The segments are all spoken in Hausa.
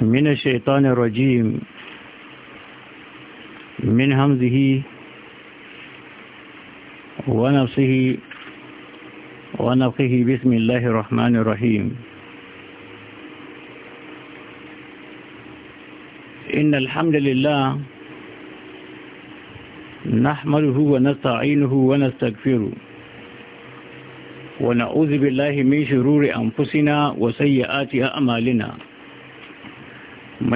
من الشيطان الرجيم من همزه ونفسه ونفقه بسم الله الرحمن الرحيم إن الحمد لله نحمده ونستعينه ونستغفره ونعوذ بالله من شرور أنفسنا وسيئات أعمالنا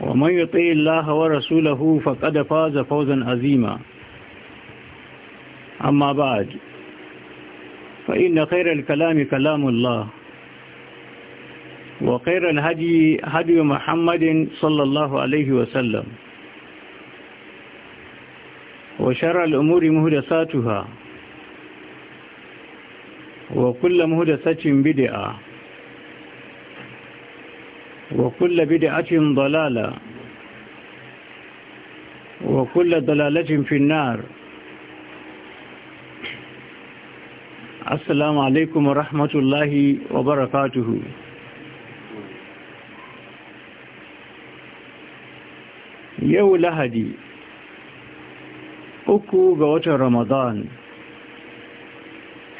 ومن يطيع الله ورسوله فقد فاز فوزا عظيما أما بعد فإن خير الكلام كلام الله وخير الهدي هدي محمد صلى الله عليه وسلم وشر الأمور مهدساتها وكل مهدسة بدعة وكل بدعة ضلالة وكل ضلالة في النار السلام عليكم ورحمة الله وبركاته يو لهدي uku ga watan Ramadan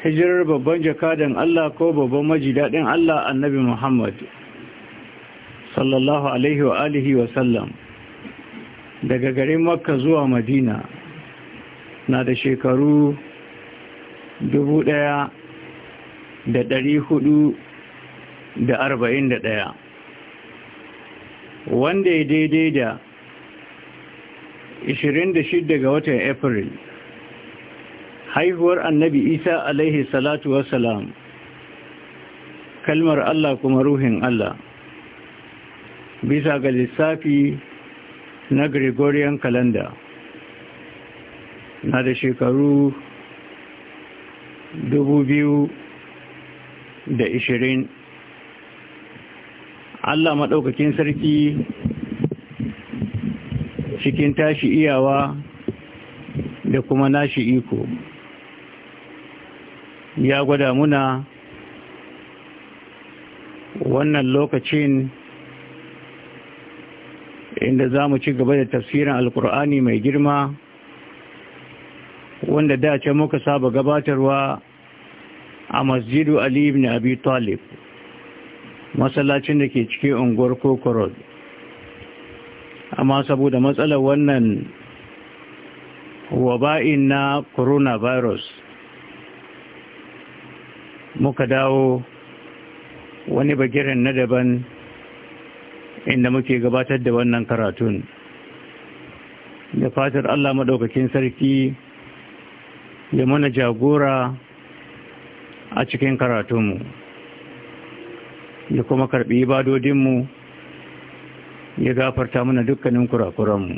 hijirar babban jakadan Allah ko babban majidaɗin Allah annabi Muhammad sallallahu alaihi wa alihi wa sallam daga garin makka zuwa madina na da shekaru dubu ɗaya da dari hudu da arba'in da ɗaya wanda ya daidai da 26 ga watan april haihuwar annabi isa alaihi salatu wasalam kalmar allah kuma ruhin allah bisa ga lissafi na gregorian calendar na da shekaru da ishirin. Allah maɗaukakin sarki cikin tashi iyawa da kuma nashi iko ya gwada muna wannan lokacin inda za mu ci gaba da tafsirin alkur'ani mai girma wanda da dace muka saba gabatarwa a masjidu ali ibn abi talib masallacin da ke cike unguwar kokorod amma saboda matsalar wannan waba'in na coronavirus muka dawo wani bagiren na daban inda muke gabatar da wannan karatun da fatar Allah maɗaukakin sarki ya mana jagora a cikin karatunmu ya kuma karɓi ibadodinmu ya gafarta mana dukkanin kurakuranmu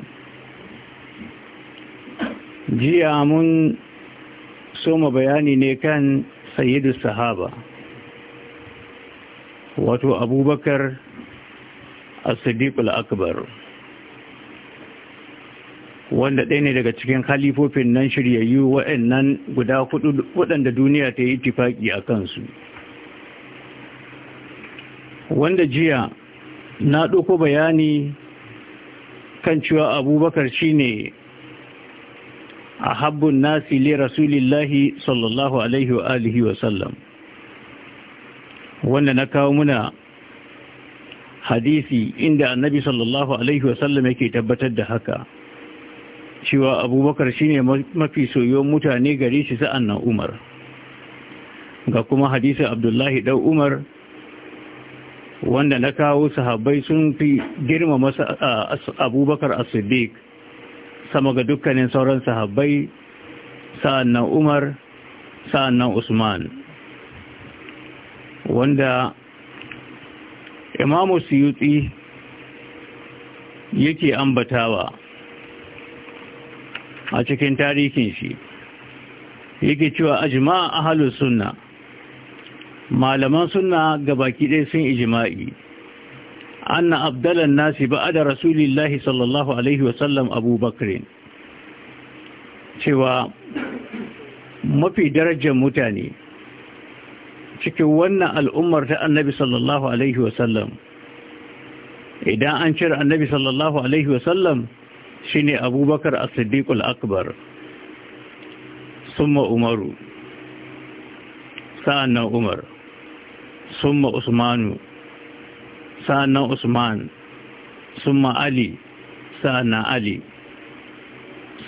jiya mun soma bayani ne kan sayidu sahaba wato abubakar as akbar wanda ɗaya ne daga cikin halifofin nan shiryayyu waɗannan guda hudu waɗanda duniya ta yi tifaƙi a kansu wanda jiya na ɗauko bayani kan cewa abubakar shine a habbun nasi li rasulillahi sallallahu alaihi wa alihi wa sallam wanda na kawo muna hadisi inda annabi sallallahu alaihi wasallam yake tabbatar da haka cewa abubakar shine mafi soyon mutane gare shi sa'an nan umar ga kuma hadisi abdullahi dan umar wanda na kawo sahabbai sun fi girma masa abubakar as-siddiq sama ga dukkanin sauran sahabbai sa'an nan umar sa'an nan usman wanda imamu suyuti yake ambatawa a cikin tarihin shi yake cewa a halin sunna malaman sunna gabaki ɗaya sun ijima'i anna abdalan nasi ba'da rasulillahi sallallahu alaihi wasallam abubakar cewa mafi darajar mutane cikin wannan al'ummar ta annabi sallallahu alaihi wasallam idan an cire annabi sallallahu alaihi wasallam shine abubakar as-siddiqul akbar summa umaru sa'annan umar summa usmanu sa'annan usman summa ali sa'annan ali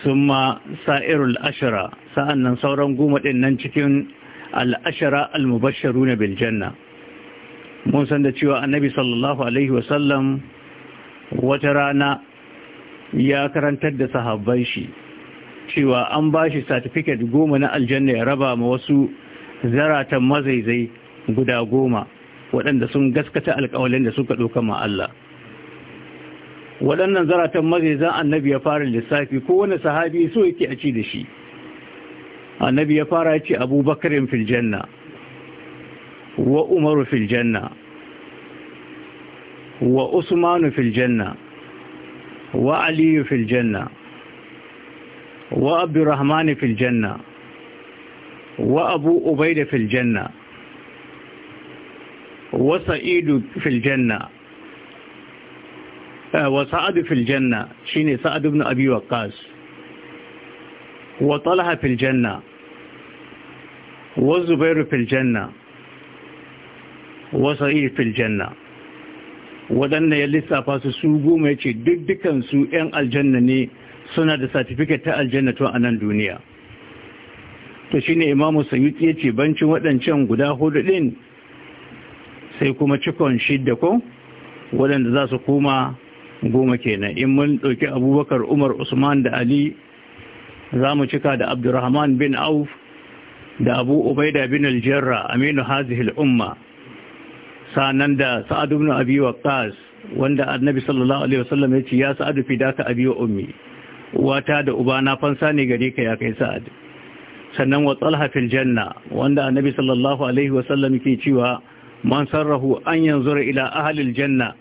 summa sa'irul ashara sa'annan sauran goma din nan cikin al'ashara al na biljanna mun san da cewa annabi sallallahu alaihi wasallam wata rana ya karantar da sahabban shi cewa an ba shi satifiket goma na aljanna ya raba ma wasu zaratan mazaizai guda goma waɗanda sun gaskata alƙawalin da suka ɗauka ma Allah waɗannan zaratan mazaizan annabi ya fara lissafi kowane sahabi so yake a ci da shi النبي يفارك أبو بكر في الجنة وأمر في الجنة وأثمان في الجنة وعلي في الجنة وأبي الرحمن في الجنة وأبو أبيد في الجنة وسعيد في الجنة آه، وسعد في الجنة شيني سعد بن أبي وقاص wa talha fil janna wa zubairu fil waɗanda ya lissafa su su goma ya ce duk dukansu 'yan aljanna ne suna da satifiket ta aljanna to a duniya to shi ne imamu sayuti ya ce bancin waɗancan guda hudu ɗin sai kuma cikon shidda ko waɗanda za su koma goma kenan in mun ɗauki abubakar umar usman da ali za mu cika da abdurrahman bin auf da abu ubaida bin aljarra aminu hazihil umma sanan da sa'adu bin abi waqqas wanda annabi sallallahu alaihi wasallam ya ce ya fi fidaka abi wa ummi wata da ubana fansa ne gare ka ya kai sa'ad sannan wa talha fil janna wanda annabi sallallahu alaihi wasallam ke cewa man sarrahu an yanzu ila ahli janna"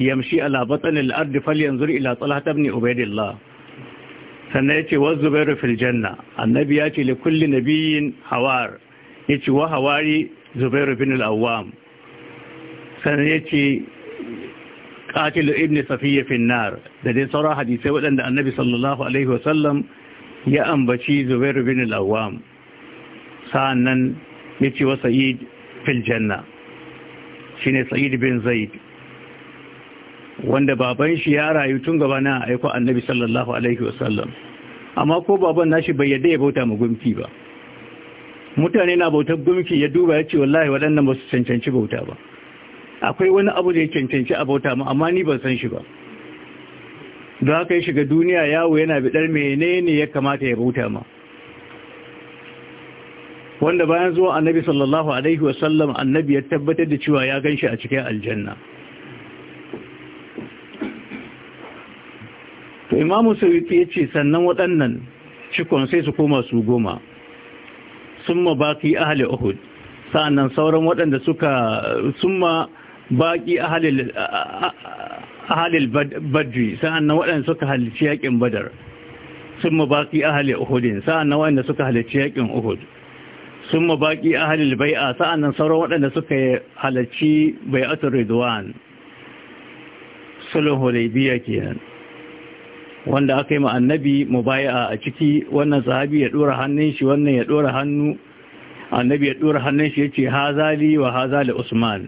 yamshi ala batn al fal falyanzur ila talha ibn ubaidillah sannan ya ce wa zubairu fil janna annabi ya ce likulli nabiyin hawar ya ce wa hawari zubairu bin al'awam sannan ya ce katilu ibn safiya nar. da dai sauran hadisai waɗanda annabi sallallahu alaihi wasallam ya ambaci zubairu bin al'awam nan ya ce wa sa'id fil janna shine sa'id bin zaid wanda baban shi ya rayu tun gaba na aiko annabi sallallahu alaihi wasallam amma ko baban nashi bai yadda ya bauta ma gumki ba mutane na bautar gumki ya duba ya ce wallahi waɗannan ba su cancanci bauta ba akwai wani abu da ya cancanci a bauta ma amma ni ban san shi ba da haka ya shiga duniya yawo yana biɗar menene ya kamata ya bauta ma wanda bayan zuwa annabi sallallahu alaihi wasallam annabi ya tabbatar da cewa ya ganshi a cikin aljanna to imamu sauki ya ce sannan waɗannan cikon sai su koma su goma sun ma baƙi ahali uhud sa'annan sauran waɗanda suka sun ma baƙi ahalil badri sa'annan waɗanda suka halici yaƙin badar sun ma baƙi ahali uhudin sa'annan waɗanda suka halici yaƙin uhud sun ma baƙi ahalil bai'a sa'annan sauran waɗanda suka halarci bai'atul ridwan sulhul hudaybiya kenan wanda aka yi ma annabi mubaya'a a ciki wannan sahabi ya dora hannun shi wannan ya dora hannu annabi ya dora hannun shi yace hazali wa hazali usman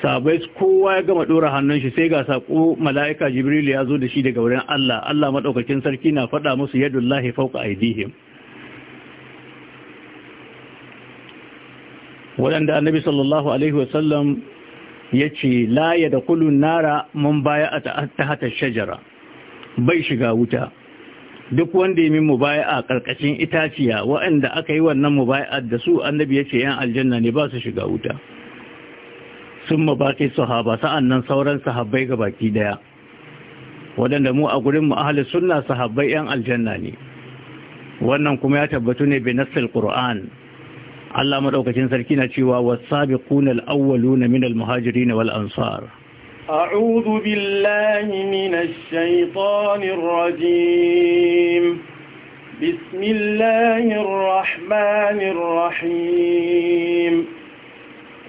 sabai kowa ya gama dora hannun shi sai ga sako mala'ika jibril ya zo da shi daga wurin Allah Allah madaukakin sarki na faɗa musu yadullahi fawqa aydihim waɗanda annabi sallallahu alaihi wasallam ya ce la ya da kulun nara mun baya a ta hata shajara bai shiga wuta duk wanda yi min mubaya'a karkashin itaciya waɗanda aka yi wannan mubaya'ar da su annabi ya ce yan aljanna ne ba su shiga wuta sun mabaki sahaba sa'annan sauran sahabbai ga baki daya waɗanda mu a gurin mu ahli sunna sahabbai yan aljanna ne wannan kuma ya tabbatu ne bi nassil qur'an Allah Maɗaukacin sarki na cewa was-sabiquna al-awwaluna min al-muhajirin wal-ansar أعوذ بالله من الشيطان الرجيم بسم الله الرحمن الرحيم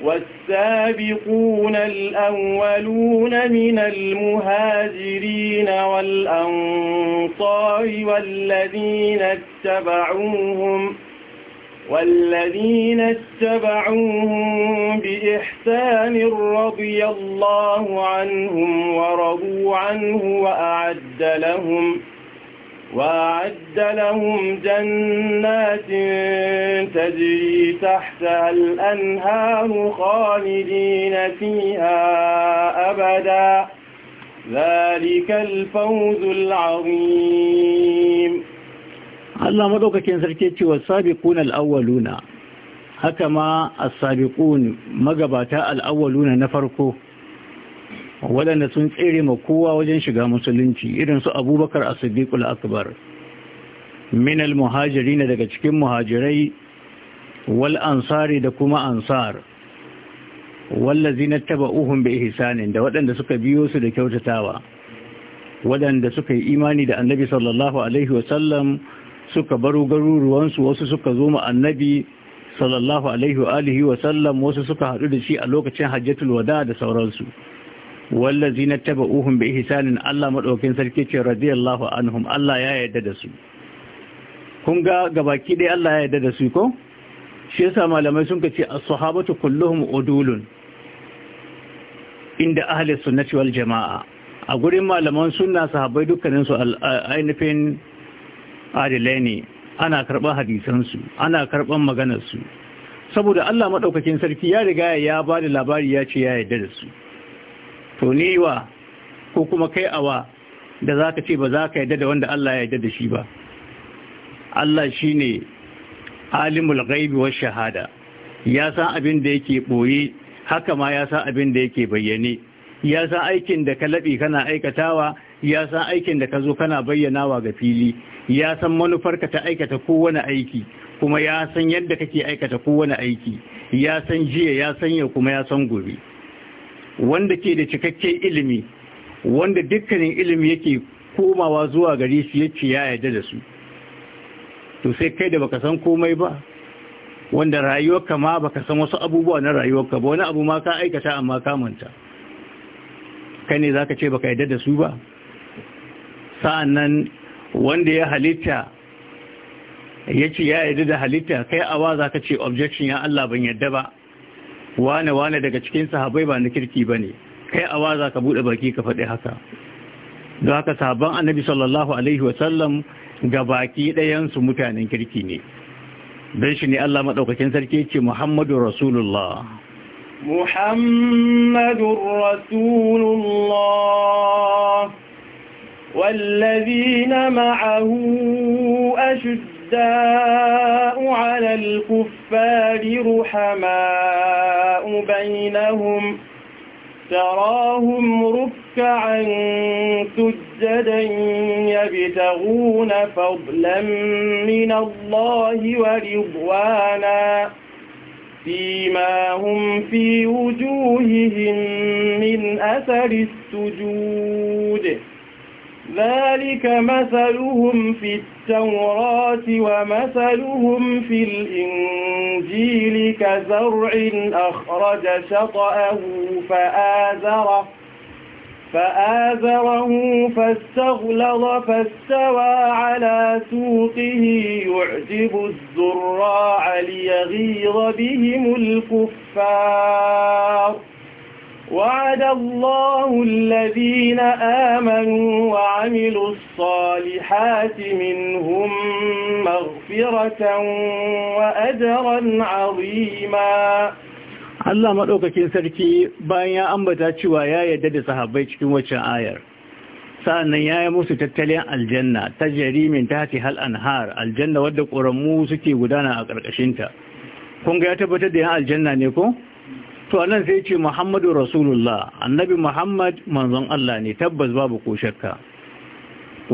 والسابقون الأولون من المهاجرين والأنصار والذين اتبعوهم ۖ والذين اتبعوهم بإحسان رضي الله عنهم ورضوا عنه وأعد لهم وأعد لهم جنات تجري تحتها الأنهار خالدين فيها أبدا ذلك الفوز العظيم Allah madaukakin sarki ce wa al alawwaluna haka ma as-sabiqun magabata alawwaluna na farko waɗanda sun tsere ma kowa wajen shiga musulunci irin su abubakar a al akbar minal muhajiri muhajirin daga cikin muhajirai wal ansari da kuma ansar wallazi na bi uhun bai da waɗanda suka biyo su da kyautatawa waɗanda suka yi imani da annabi sallallahu alaihi wasallam suka baro garuruwansu wasu suka zo annabi sallallahu alaihi wa alihi wa sallam wasu suka haɗu da shi a lokacin hajjatul wada da sauransu wallazi na taba uhun bai hisanin Allah maɗaukin sarki ce radiyallahu anhum Allah ya yarda da su kun ga gabaki dai Allah ya yarda da su ko shi yasa malamai sun kace as-sahabatu kulluhum udulun inda ahli sunnati wal jamaa a gurin malaman sunna sahabbai dukkanin su ainihin Adalai ne ana karɓar hadisansu ana karɓar maganarsu saboda Allah maɗaukakin sarki ya riga ya ba da labari ya ce ya yarda da su to ni wa ko kuma kai awa da za ka ce ba za ka yarda da wanda Allah ya yarda da shi ba Allah shi ne alimul ghaibi wa shahada ya san abin da yake ɓoye haka ma ya san abin da yake bayyane ya san aikin da ka laɓi kana aikatawa ya san aikin da ka zo kana bayyanawa ga fili ya san manufarka ta aikata kowane aiki kuma ya san yadda kake aikata kowane aiki ya san jiya ya san yau kuma ya san gobe wanda ke da cikakken ilimi wanda dukkanin ilimi yake komawa zuwa gari shi yace ya yarda da su to sai kai da baka san komai ba wanda rayuwarka ma baka san wasu abubuwa na rayuwarka ba wani abu ma ka aikata amma ka manta kai ne zaka ce baka yarda da su ba sa'an nan wanda ya halitta ya ce ya yarda da halitta kai awa za ka ce objection ya Allah ban yarda ba wane wane daga cikin sahabai ba na kirki ba ne kai awa za ka buɗe baki ka faɗi haka don haka sahabban annabi sallallahu alaihi wasallam ga baki ɗayansu mutanen kirki ne don shi ne Allah maɗaukakin sarki ce Muhammadu Rasulullah. Muhammadu Rasulullah. والذين معه أشداء على الكفار رحماء بينهم تراهم ركعا سجدا يبتغون فضلا من الله ورضوانا فيما هم في وجوههم من أثر السجود ذلك مثلهم في التوراة ومثلهم في الإنجيل كزرع أخرج شطأه فآذره فآذره فاستغلظ فاستوى على سوقه يعجب الزراع ليغيظ بهم الكفار وعد الله الذين آمنوا وعملوا الصالحات منهم مغفرة وأجرا عظيما Allah maɗaukakin sarki bayan ya ambata cewa ya yarda da sahabbai cikin waccan ayar nan ya yi musu tattalin aljanna ta jarimin ta hati hal anhar aljanna wadda ƙoramu suke gudana a ƙarƙashinta kun ya tabbatar da yan aljanna ne ko? to anan sai ce muhammadu rasulullah annabi muhammad manzon Allah ne tabbas babu ko shakka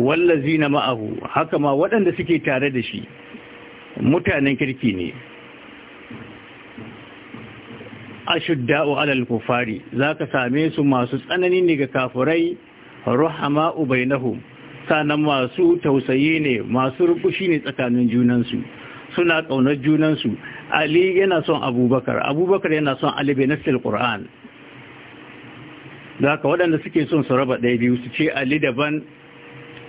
Wallazi na ma'ahu haka ma waɗanda suke tare da shi mutanen kirki ne ashudda'u alal kufari zaka same su masu tsanani ne ga kafurai ruhama'u bainahum sanan masu tausayi ne masu rukushi ne tsakanin junansu suna ƙaunar junansu ali yana son abubakar abubakar yana son ali bai nasil ƙura'an da haka waɗanda suke son su raba ɗaya biyu su ce ali daban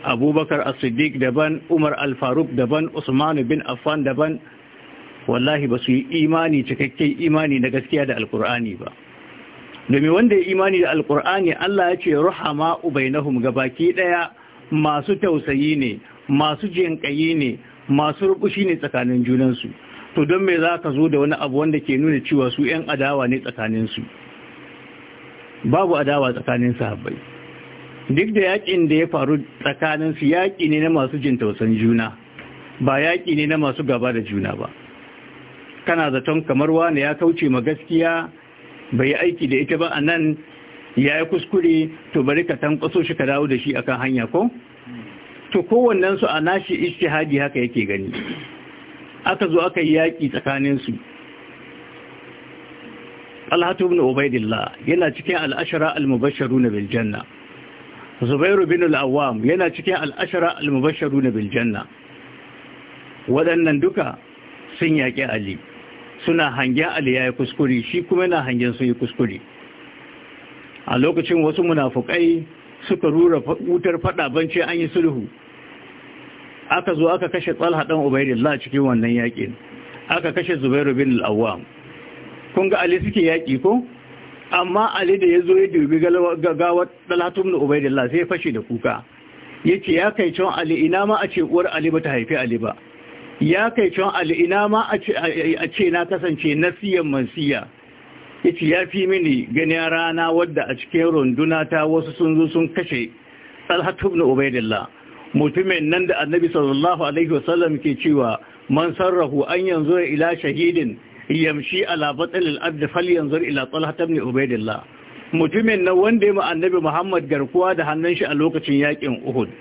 abubakar Asidik daban umar alfaruk daban usmanu bin affan daban wallahi ba su yi imani cikakke imani na gaskiya da alkur'ani ba domin wanda ya imani da alkur'ani Allah ya ce ruhama ubainahum gabaki ɗaya masu tausayi ne masu jinkayi ne masu rubushi ne tsakanin junansu to don me za ka zo da wani abu wanda ke nuna cewa su 'yan adawa ne tsakaninsu babu adawa tsakanin sahabbai duk da yaƙin da ya faru tsakaninsu yaƙi ne na masu jin tausan juna ba yaƙi ne na masu gaba da juna ba kana zaton kamar wani ya kauce ma gaskiya bai aiki da ita ba a nan ya yi kuskure to bari ka tankwaso shi ka dawo da shi akan hanya ko to kowannensu a nashi ishtihadi haka yake gani aka zo aka yi yaƙi tsakaninsu alhatu bin ubaidillah yana cikin al'ashara al-mubasharu na biljanna zubairu bin al'awam yana cikin al'ashara al-mubasharu na biljanna waɗannan duka sun yaƙi ali suna hangen ali ya yi kuskure shi kuma yana hangen sun yi kuskure a lokacin wasu munafukai suka rura wutar faɗa bance an yi sulhu aka zo aka kashe tsalha ɗan ubaidillah cikin wannan yakin. aka kashe zubairu bin al kun ga ali suke yaki, ko amma ali da ya zo ya dubi gawar talatun da ubaidillah sai ya fashe da kuka ya ce ya kai can ali ina ma a ce uwar ali ba ta haifi ali ba ya kai can ali ina ma a ce na kasance nasiyan mansiya ya ce ya fi mini ganin rana wadda a cikin runduna ta wasu sun zo sun kashe talatun da ubaidillah mutumin nan da annabi sallallahu alaihi wasallam ke cewa man sarrahu an yanzu ila shahidin yamshi ala al abd fal yanzur ila talha ibn ubaidillah mutumin nan wanda ya annabi muhammad garkuwa da hannun shi a lokacin yakin uhud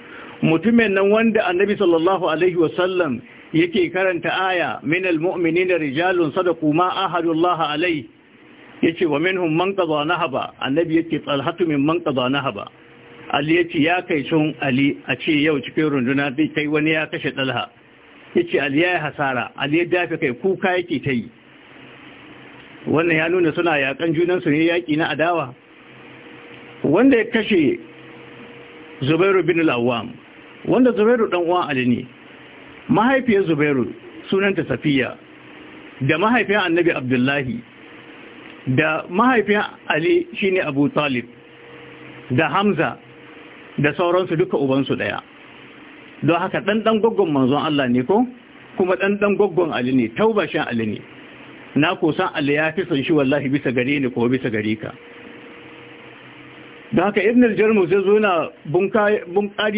mutumin nan wanda annabi sallallahu alaihi wasallam yake karanta aya min al-mu'minina rijalun sadaqu ma allah alaihi yace wa minhum man qada nahaba annabi yake talhatu min man qada nahaba ali ya ce ya kai sun ali a ce yau cikin runduna zai kai wani ya kashe ɗalha ya ce ali ya yi hasara ali ya dafe kai kuka yake ta yi wannan ya nuna suna yakan junansu ne yaƙi na adawa wanda ya kashe zubairu bin awwam wanda zubairu ɗan uwan ali ne mahaifiyar zubairu sunanta safiya da mahaifiyar annabi abdullahi da mahaifiyar ali shine abu talib da hamza da sauransu duka ubansu ɗaya don haka ɗanɗan gwaggon manzon Allah ne ko kuma ɗanɗan gwaggon Ali ne taubashin Ali ne na kusan Ali ya fi son shi wallahi bisa gare ni ko bisa gare ka Da haka ibn al-jarmus zo na bunkari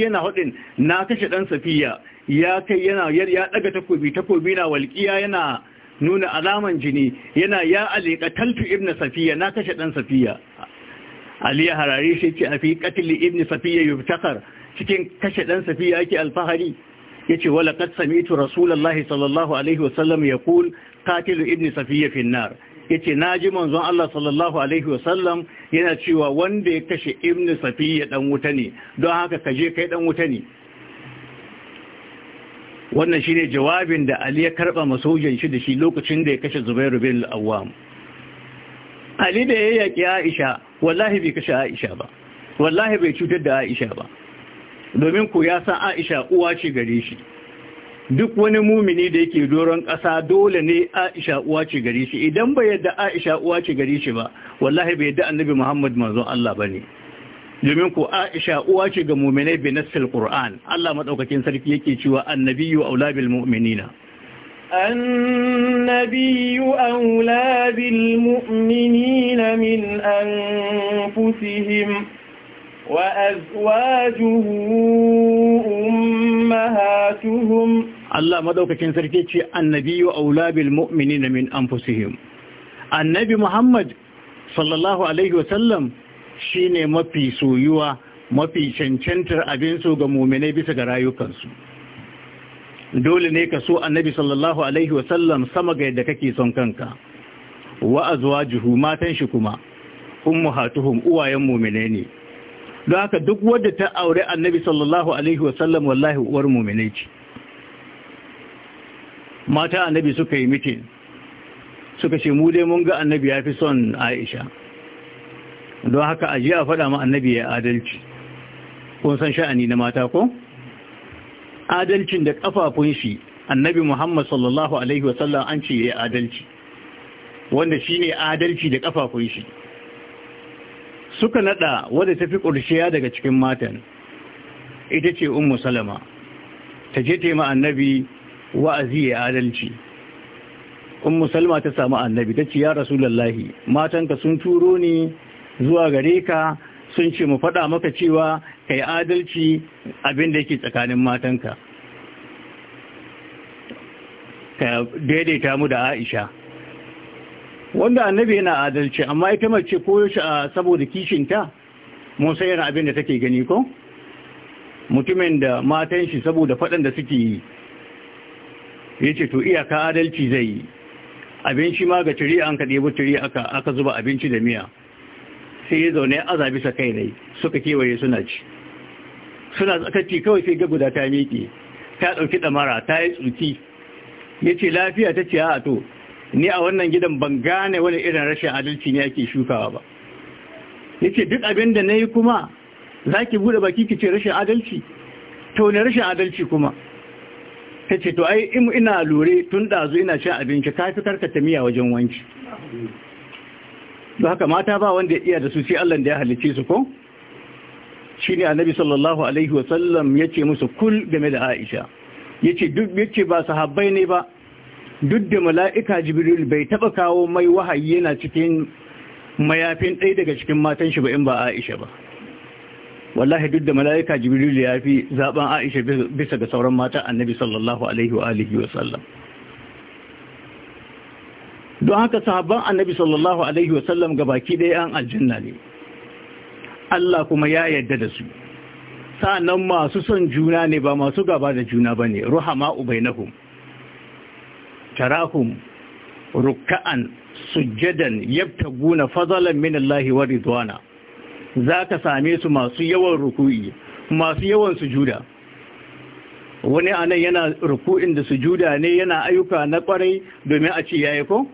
yana hudin na kashe ɗan safiya ya kai yana ya ɗaga takobi takobi na walƙiya yana nuna alaman jini yana ya alika taltu ibn safiya na kashe ɗan safiya Ali Harare shi ce a fi katili ibn Safiya yubtakar cikin kashe ɗan Safiya yake alfahari yace wala qad sami'tu rasulullahi sallallahu alaihi wasallam yaqul qatil ibn Safiya fi nar yace naji manzon Allah sallallahu alaihi wasallam yana cewa wanda ya kashe ibn Safiya dan wuta ne don haka ka je kai ɗan wuta ne wannan shine jawabin da Ali ya karba masojin shi da shi lokacin da ya kashe Zubairu bin al Ali da ya yaki Aisha wallahi bai kashe Aisha ba wallahi bai cutar da Aisha ba domin ku ya san Aisha uwa ce gare shi duk wani mumini da yake doron ƙasa dole ne Aisha uwa ce gare shi idan bai yadda Aisha uwa ce gare shi ba wallahi bai yadda Annabi Muhammad manzon Allah ne. domin ku Aisha uwa ce ga mu'minai bi nasil Qur'an Allah madaukakin sarki yake cewa Annabiyu aulabil mu'minina النبي أولى بالمؤمنين من أنفسهم وأزواجه أمهاتهم الله مدوككين سركيتي النبي أولى بالمؤمنين من أنفسهم النبي محمد صلى الله عليه وسلم shine mafi soyuwa mafi cancantar abin so ga muminai bisa ga rayukansu dole ne ka so annabi sallallahu alaihi wasallam sama ga yadda kake son kanka wa azwajuhu matan shi kuma ummahatuhum uwayen mu'mine ne don haka duk wanda ta aure annabi sallallahu alaihi wasallam wallahi uwar mu'mine ce mata annabi suka yi mitin suka ce mu dai mun ga annabi ya fi son Aisha don haka a aje a faɗa ma annabi ya adalci kun san sha'ani na mata ko adalcin da kafafun shi annabi Muhammad sallallahu alaihi wa sallam, an ce yayi adalci wanda shine adalci da kafafun shi suka nada wanda tafi kurshiya daga cikin matan ita ce ummu salama ta je ta yi ma annabi wa'azi ya adalci ummu salama ta samu annabi ta ce ya rasulullahi matanka sun turo ni zuwa gare ka sun ce mu faɗa maka cewa ka yi adalci abin da yake tsakanin matanka ka daidaita mu da aisha wanda annabi yana adalci amma ita mace ko yaushe saboda kishinta mun san yana abin da take gani ko mutumin da matan shi saboda faɗan da suke yi ya ce to iyaka adalci zai yi abin shi ma ga ciri an ka ɗebo ciri aka zuba abinci da miya sai ya zaune aza sa kai rai suka kewaye suna ci suna zakarci kawai sai ga guda ta miƙe ta ɗauki ɗamara ta yi tsuki ya ce lafiya ta ce a to ni a wannan gidan ban gane wani irin rashin adalci ne ake shukawa ba ya ce duk abin da na yi kuma za ki buɗe baki ki ce rashin adalci to ne rashin adalci kuma ta ce to ai ina lure tun ɗazu ina cin abinci ka fi karkata miya wajen wanki don haka mata ba wanda ya iya da su sai Allah da ya halicce su ko shine annabi sallallahu alaihi wa sallam yace musu kul game da Aisha yace duk yace ba sahabbai ne ba duk da mala'ika Jibril bai taba kawo mai wahayi yana cikin mayafin ɗaya daga cikin matan shi ba in ba Aisha ba wallahi duk da mala'ika Jibril ya fi zaben Aisha bisa ga sauran mata annabi sallallahu alaihi wa alihi sallam don haka sahabban annabi sallallahu alaihi wa ga baki ɗaya an aljanna ne Allah kuma ya yarda da su sa'annan masu son juna ne ba masu gaba da juna ba ne ruhama ubainahum tarahum rukka'an sujjadan yabtaguna fadlan min Allah wa ridwana ka same su masu yawan ruku'i masu yawan sujuda wani anan yana ruku'in da sujuda ne yana ayyuka na kwarai domin a ce yayi ko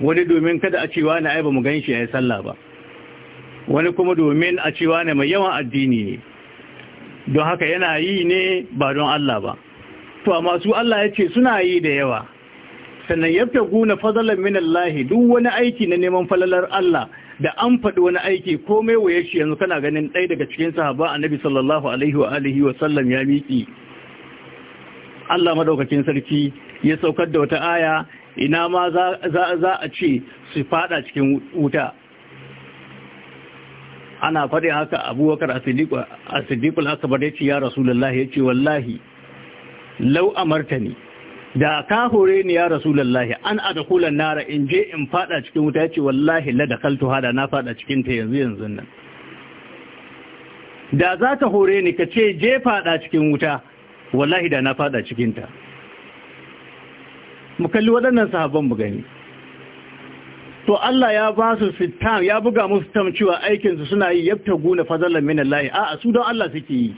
wani domin kada a cewa na ai ba mu ganshi yi sallah ba wani kuma domin a cewa ne mai yawan addini ne don haka yana yi ne ba don Allah ba to amma su Allah ya ce suna yi da yawa sannan ya fi guna fazalar Minan Lahi, duk wani aiki na neman falalar Allah da an faɗi wani aiki komai waye shi yanzu kana ganin ɗaya daga cikin sahaba a Nabi sallallahu alaihi wa alihi wa sallam ya miƙi Allah madaukakin sarki ya saukar da wata aya ina ma za a ce su faɗa cikin wuta ana faɗin haka abubakar asidikul akabar ya ce ya rasulallah ya ce wallahi lau amarta martani da ka hore ni ya rasulallah an kulan nara in je in faɗa cikin wuta ya ce wallahi la kaltu hada na fada cikin ta yanzu yanzu nan da za ka hore ni ka ce je faɗa cikin wuta wallahi da na fada cikin ta mu kalli waɗannan sahabban mu gani to Allah ya ba su sitam ya buga musu sitam cewa aikinsu suna yi guna fazalar minan layi. a su don Allah suke yi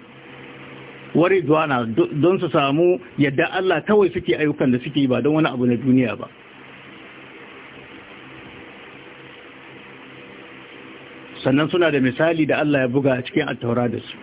wari zuwana don su samu yadda Allah kawai suke ayyukan da suke yi ba don wani abu na duniya ba sannan suna da misali da Allah ya buga a cikin attaura da su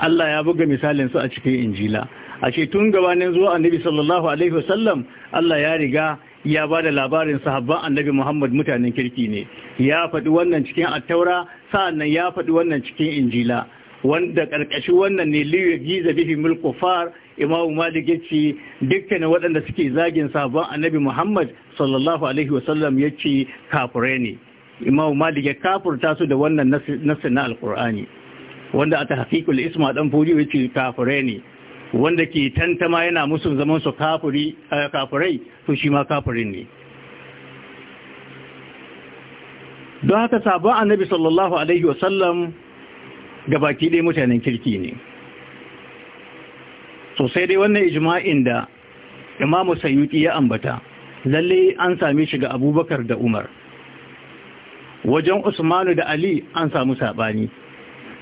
Allah ya buga misalin su a cikin injila a ce tun gabanin zuwa annabi sallallahu alaihi wasallam Allah ya riga ya ba da labarin sahabban annabi Muhammad mutanen kirki ne ya faɗi wannan cikin attaura sa'annan ya faɗi wannan cikin injila wanda ƙarƙashi wannan ne liyu giza bihi mulku far imamu malik ce dukkanin waɗanda suke zagin sahabban annabi Muhammad sallallahu alaihi wasallam ce kafure ne imamu malik ya kafurta su da wannan nasin na alqur'ani wanda a tahqiqul isma dan ya yace kafure ne wanda ke tantama yana musu zaman su eh, kafurai to shi ma kafurin ne don haka sabon annabi sallallahu alaihi wasallam ga baki ɗaya mutanen kirki ne sosai dai wannan ijma'in da imamu sayuti ya ambata lalle an same shi ga abubakar da umar wajen usmanu da ali an samu saɓani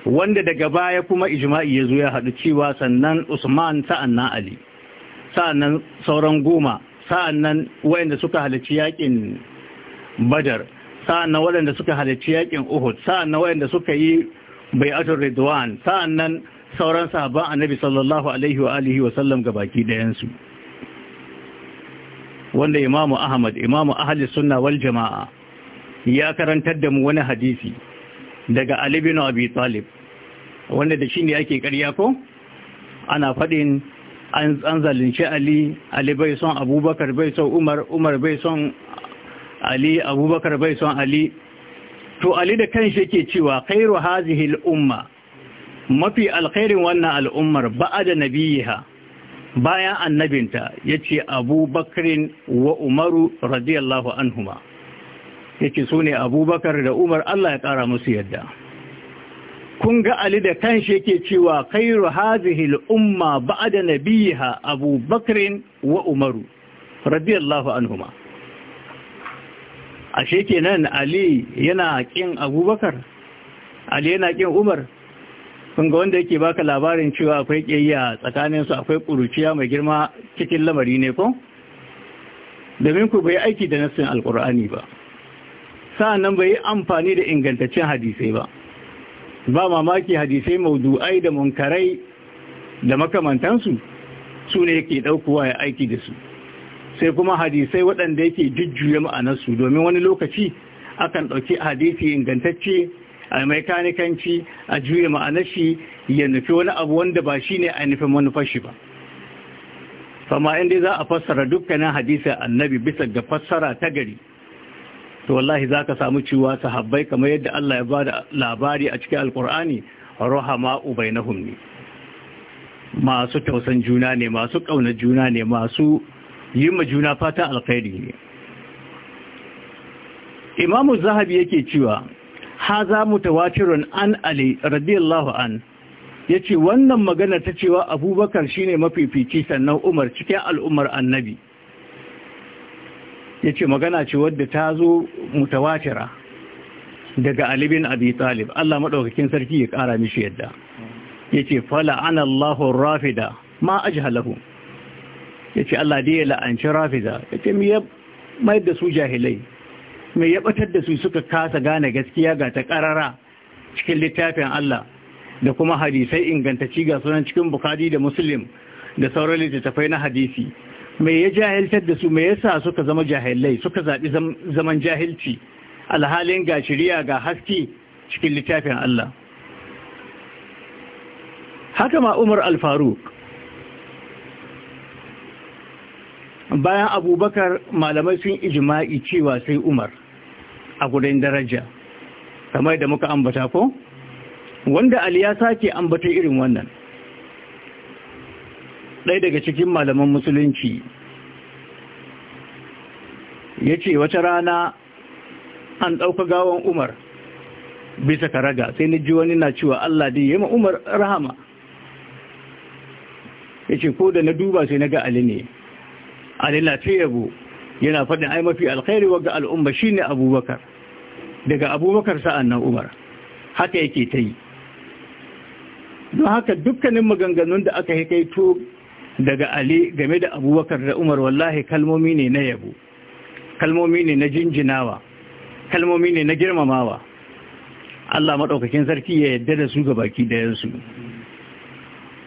wanda daga baya kuma ijma'i ya zo ya haɗu cewa sannan usman sa'annan ali sa'annan sauran goma sa'annan wayanda suka halarci yakin badar sa'annan wayanda suka halarci yakin uhud sa'annan wayanda suka yi bai'atul ridwan sa'annan sauran sahabban annabi sallallahu alaihi wa alihi wa sallam gabaki ɗayan su wanda imamu ahmad imamu ahli sunna wal jama'a ya karantar da mu wani hadisi daga Ali Abi Talib wanda da shi ne ake karya ko ana faɗin an zalince Ali Ali bai son Abubakar bai son Umar Umar bai son Ali Abubakar bai son Ali to Ali da kanshi ke cewa khairu hazihi al-umma mafi alkhairin wannan al'ummar da nabiyiha bayan annabinta yace Abubakarin wa Umaru radiyallahu anhuma yake su ne abubakar da umar Allah ya ƙara musu yadda kun ga ali da kanshi yake cewa khairu hadhihi al-umma ba'da nabiha abubakarin wa umaru radiyallahu anhuma ashe kenan ali yana kin abubakar ali yana ƙin umar kun ga wanda yake baka labarin cewa akwai kiyayya tsakanin su akwai kuruciya mai girma cikin lamari ne ko domin ku bai aiki da nassin alkur'ani ba sa'annan bai yi amfani da ingantaccen hadisai ba ba mamaki hadisai maudu'ai da munkarai da makamantansu su ne yake daukuwa ya aiki da su sai kuma hadisai waɗanda yake jujjuya ma'anarsu domin wani lokaci akan ɗauki hadisi ingantacce a maikanikanci a juya ma'anar ya nufi wani abu wanda ba shi ne a nufin manufar shi ba fama inda za a fassara dukkanin hadisai annabi bisa ga fassara ta gari to wallahi za ka samu cewa sahabbai kamar yadda Allah ya ba da labari a cikin alkur'ani rahama na ne masu tausan juna ne masu ƙaunar juna ne masu yi ma juna fatan alkhairi ne imamu zahabi yake cewa haza mutawatirun an ali radiyallahu an ce wannan magana ta cewa abubakar shine mafifici sannan umar cikin al'ummar annabi Ya ce magana ce wadda ta zo mutawatira daga alibin Abi Talib Allah maɗaukakin sarki ya ƙara mishi yadda ce fala an Allahun rafida ma Ya ce Allah da ya la'anci rafida ya me ya mai da su jahilai me ya batar da su suka kasa gane gaskiya ga ta ƙarara cikin littafin Allah da kuma hadisai ingantacci ga sunan cikin bukadi da Muslim da sauran littattafai na hadisi mai ya jahiltar da su me yasa suka zama jahilai suka zaɓi zaman jahilci alhalin ga shiriya ga haske cikin littafin Allah haka ma Umar al-Faruq bayan Abubakar malamai sun ijima'i cewa sai Umar a gudun daraja kamar da muka ambata ko wanda Ali ya sake ambata irin wannan ɗaya daga cikin malaman musulunci ya ce wata rana an ɗauka gawon umar bisa karaga sai na ji wani na cewa Allah dai yi ma umar rahama ya ce ko da na duba sai na ga ali ne ali na ce yabo yana faɗin ai mafi alkhairi wa ga al'umma shi ne abubakar daga abubakar sa'an nan umar haka yake ta yi don haka dukkanin maganganun da aka yi to daga ali game da abubakar da umar wallahi kalmomi ne na yabo kalmomi ne na jinjinawa kalmomi ne na girmamawa Allah maɗaukakin sarki ya yarda da su ga baki yansu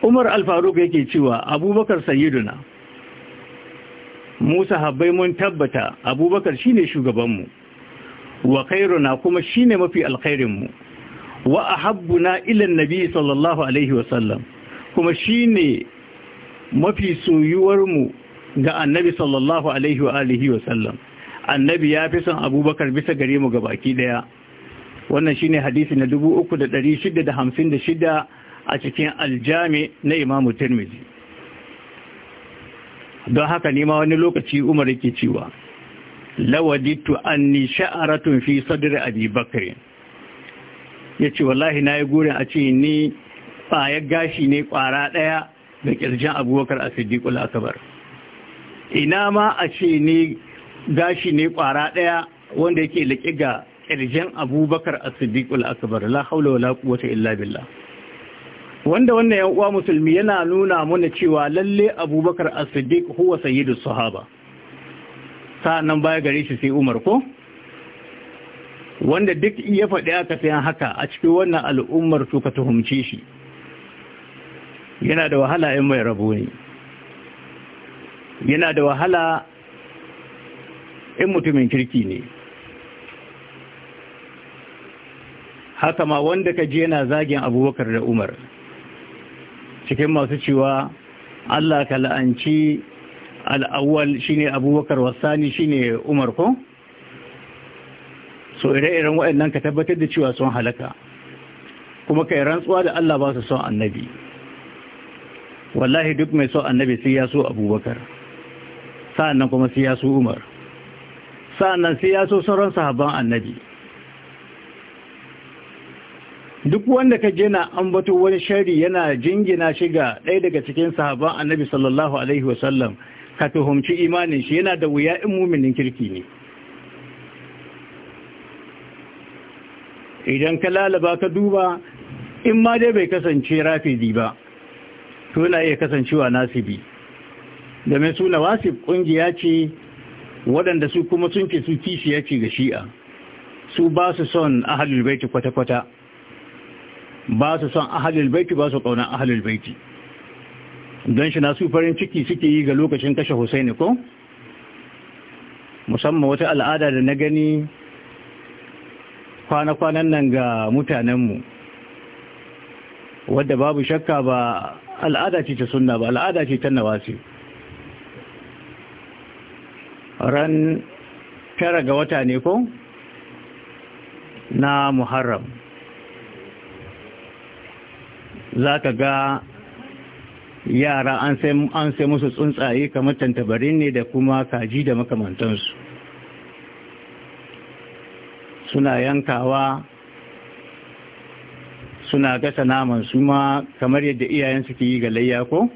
umar alfaruk yake cewa abubakar sayiduna musa habbai mun tabbata abubakar shine shugabanmu wa khairuna kuma shine mafi mu wa ahabbuna ila nabi sallallahu alaihi wasallam kuma shine mafi mu ga annabi sallallahu alaihi wa alihi wa sallam annabi ya fi son abubakar bisa gare mu ga baki daya wannan shine hadisi na 3656 a cikin aljami na imamu tirmidhi don haka nima wani lokaci umar yake cewa lawadittu anni sha'aratun fi sadri abi bakr yace wallahi nayi gurin a ce ni ya gashi ne kwara daya da ƙirjin abubakar a siddiƙul asabar ina ma a ce ne gashi ne ƙwara ɗaya wanda yake liƙi ga ƙirjin abubakar a siddiƙul asabar la haula wa laƙuwata illa billah wanda wannan yan uwa musulmi yana nuna mana cewa lalle abubakar a siddiq huwa sayyidus sahaba nan baya gare shi sai umar ko wanda duk ya faɗi aka sayan haka a cikin wannan al'ummar to ka tuhumce shi yana da wahala in mai rabo ne yana da wahala in mutumin kirki ne haka ma wanda ka je yana zagin abubakar da umar cikin masu cewa allah ka la'anci al'awwal shine abubakar wasani shine umar ko so ire-iren waɗannan ka tabbatar da cewa sun halaka kuma kai rantsuwa da allah ba su son annabi wallahi duk mai so annabi sai ya so abubakar sa'annan kuma sai ya so umar sa'annan sai ya so sauran sahabban annabi duk wanda ka jina an bato wani shari yana jingina shi ga ɗaya daga cikin sahabban annabi sallallahu alaihi wasallam ka tuhumci imanin shi yana da wuya in muminin kirki ne idan ka lalaba ka duba in ma dai bai kasance rafidi ba suna na iya kasancewa nasibi da mai suna wasif ƙungiya ce waɗanda su kuma sun ce su kishiya ce ga shi'a su ba su son ahalul baiti kwata-kwata ba su son ahalul baiti ba su ƙauna ahalul baiti don shi na su farin ciki suke yi ga lokacin kashe Hussaini ko musamman wata al'ada da na gani kwana-kwanan nan ga mutanenmu wadda babu shakka ba al'ada ce ta sunna ba al'ada ce ta nawasi ran tara ga wata ne ko na muharram za ka ga yara an sai musu tsuntsaye kamar tantabarin ne da kuma kaji da makamantansu suna yankawa suna gasa naman su ma kamar yadda iyayen suke yi ga layya ko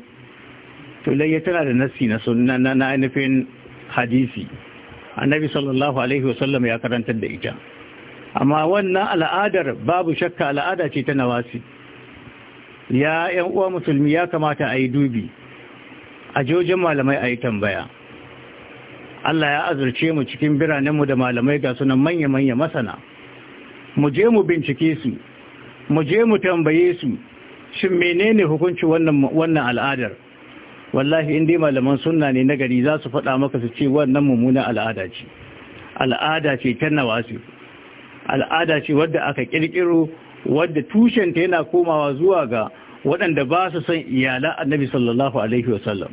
to layya tana da nassi na sunna na ainihin hadisi annabi sallallahu alaihi wasallam ya karanta da ita amma wannan al'adar babu shakka al'ada ce ta nawasi ya yan uwa musulmi ya kamata a yi dubi a jojin malamai a yi tambaya Allah ya azurce mu cikin biranenmu da malamai ga sunan manya-manya masana mu je mu bincike su mu je mu tambaye su shin menene hukunci wannan al'adar wallahi in malaman sunna ne na gari za su faɗa maka su ce wannan mummunan al'ada ce al'ada ce ta nawasi al'ada ce wadda aka kirkiro wadda ta yana komawa zuwa ga waɗanda ba su son iyala annabi sallallahu alaihi wasallam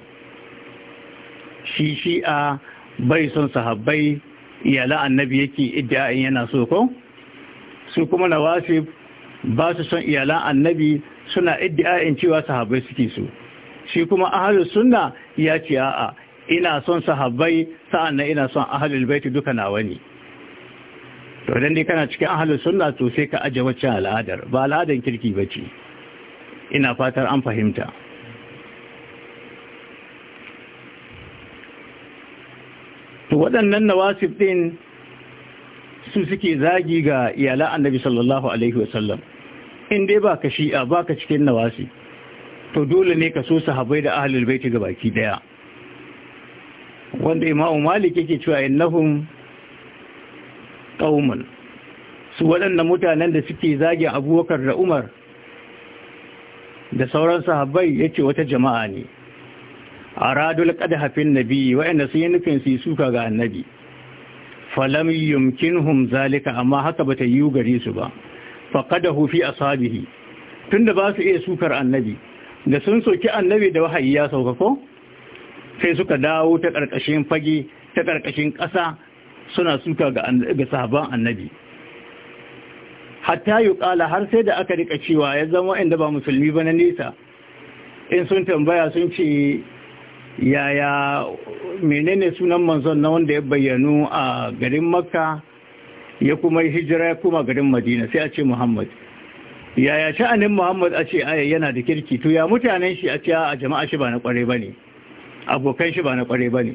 shi shi'a bai son sahabbai iyalan annabi yake idda yana so ko su kuma nawasi ba su son iyalan annabi suna iddiayin cewa sahabai suke so shi kuma ahlus sunna ya ce a'a ina son sahabbai sa'annan ina son ahlul baiti duka nawa ne to dan dai kana cikin ahlus sunna to sai ka aje wacce al'adar ba al'adar kirki bace ina fatar an fahimta to waɗannan nawasib din su suke zagi ga iyalan annabi sallallahu alaihi wasallam in dai baka shi'a baka cikin nawasi to dole ne ka so sahabai da ahlul baiti ga baki daya wanda imamu malik yake cewa innahum qauman su waɗannan mutanen da suke zagin abubakar da umar da sauran sahabbai yake wata jama'a ne aradul qadhafin nabi wa sun yi nufin su suka ga annabi falam yumkinhum zalika amma haka bata yiwu gare su ba faqadahu fi asabihi tunda ba su iya sukar annabi da sun soki annabi da wahayi ya sauka ko sai suka dawo ta karkashin fage ta karkashin ƙasa suna suka ga sahaban annabi hatta yi har sai da aka rika cewa ya zama inda ba musulmi ba na nesa in sun tambaya sun ce yaya menene sunan manzon na wanda ya bayyanu a garin makka ya kuma yi hijira ya kuma garin madina sai a ce muhammad yaya sha'anin muhammad a ce aya yana da kirki to ya mutanen shi a ce a jama'a shi ba na kware ba ne abokan shi ba na kware ba ne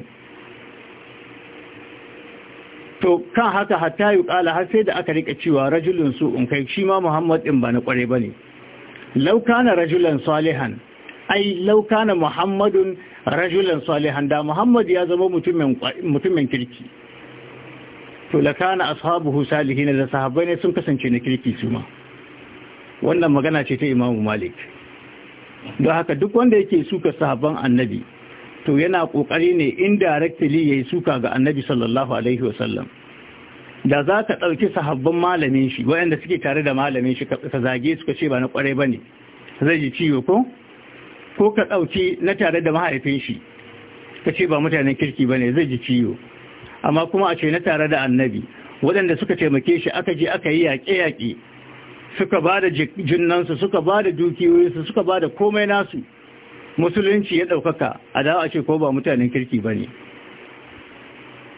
to kan haka hatta yi kala har sai da aka rika cewa rajulun su in kai shi ma muhammad din ba na kware ba ne laukana rajulan salihan ai laukana muhammadun rajulan salihan da muhammad ya zama mutumin kirki to lakana ashabuhu salihin da sahabbai ne sun kasance na kirki su ma wannan magana ce ta Imam Malik don haka duk wanda yake suka sahabban Annabi to yana kokari ne indirectly yayi suka ga Annabi sallallahu alaihi wasallam da za ka ɗauki sahabban malamin shi waɗanda suke tare da malamin shi ka zage su ka ce ba na ƙwarai ba ne zai ji ciwo ko ko ka ɗauki na tare da mahaifin shi ka ce ba mutanen kirki bane zai ji ciwo amma kuma a ce na tare da annabi waɗanda suka taimake shi aka je aka yi yaƙe-yaƙe suka ba da jinnansu suka ba da dukiyoyinsu suka ba da komai nasu musulunci ya ɗaukaka a da a ce ko ba mutanen kirki ba ne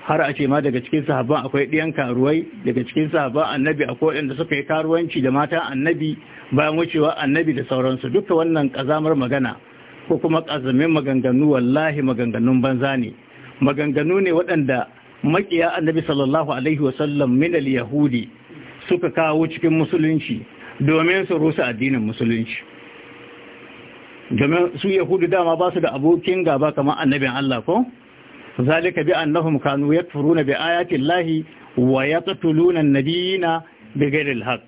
har a ce ma daga cikin sahabban akwai ɗiyan karuwai daga cikin sahabban annabi akwai waɗanda suka yi karuwanci da mata annabi bayan wucewa annabi da sauransu duka wannan ƙazamar magana ko kuma ƙazamin maganganu wallahi maganganun banza ne maganganu ne waɗanda makiya annabi sallallahu alaihi wasallam min al-yahudi suka kawo cikin musulunci domin su rusa addinin musulunci domin su yahudu dama ba su da abokin gaba kamar annabin Allah ko zalika bi annahum kanu yakfuruna bi ayati llahi wa yaqtuluna an-nabiyina bighayri al-haq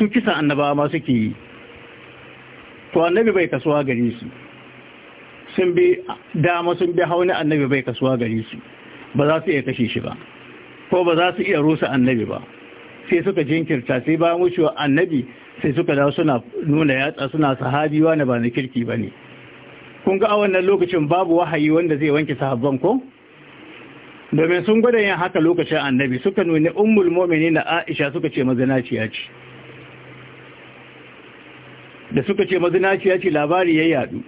su kisa annabawa ma suke yi to annabi bai kasuwa gare su sun bi dama sun bi hauni annabi bai kasuwa gare su ba za su iya kashe shi ba ko ba za su iya rusa annabi ba sai suka jinkirta sai ba wucewa annabi sai suka dawo suna nuna yatsa suna sahabi wani ba na kirki ba ne kun ga a wannan lokacin babu wahayi wanda zai wanke sahabban ko domin sun gwada yin haka lokacin annabi suka nuna ummul mu'minin na Aisha suka ce mazinaciya ce da suka ce mazinaciya ce labari ya yadu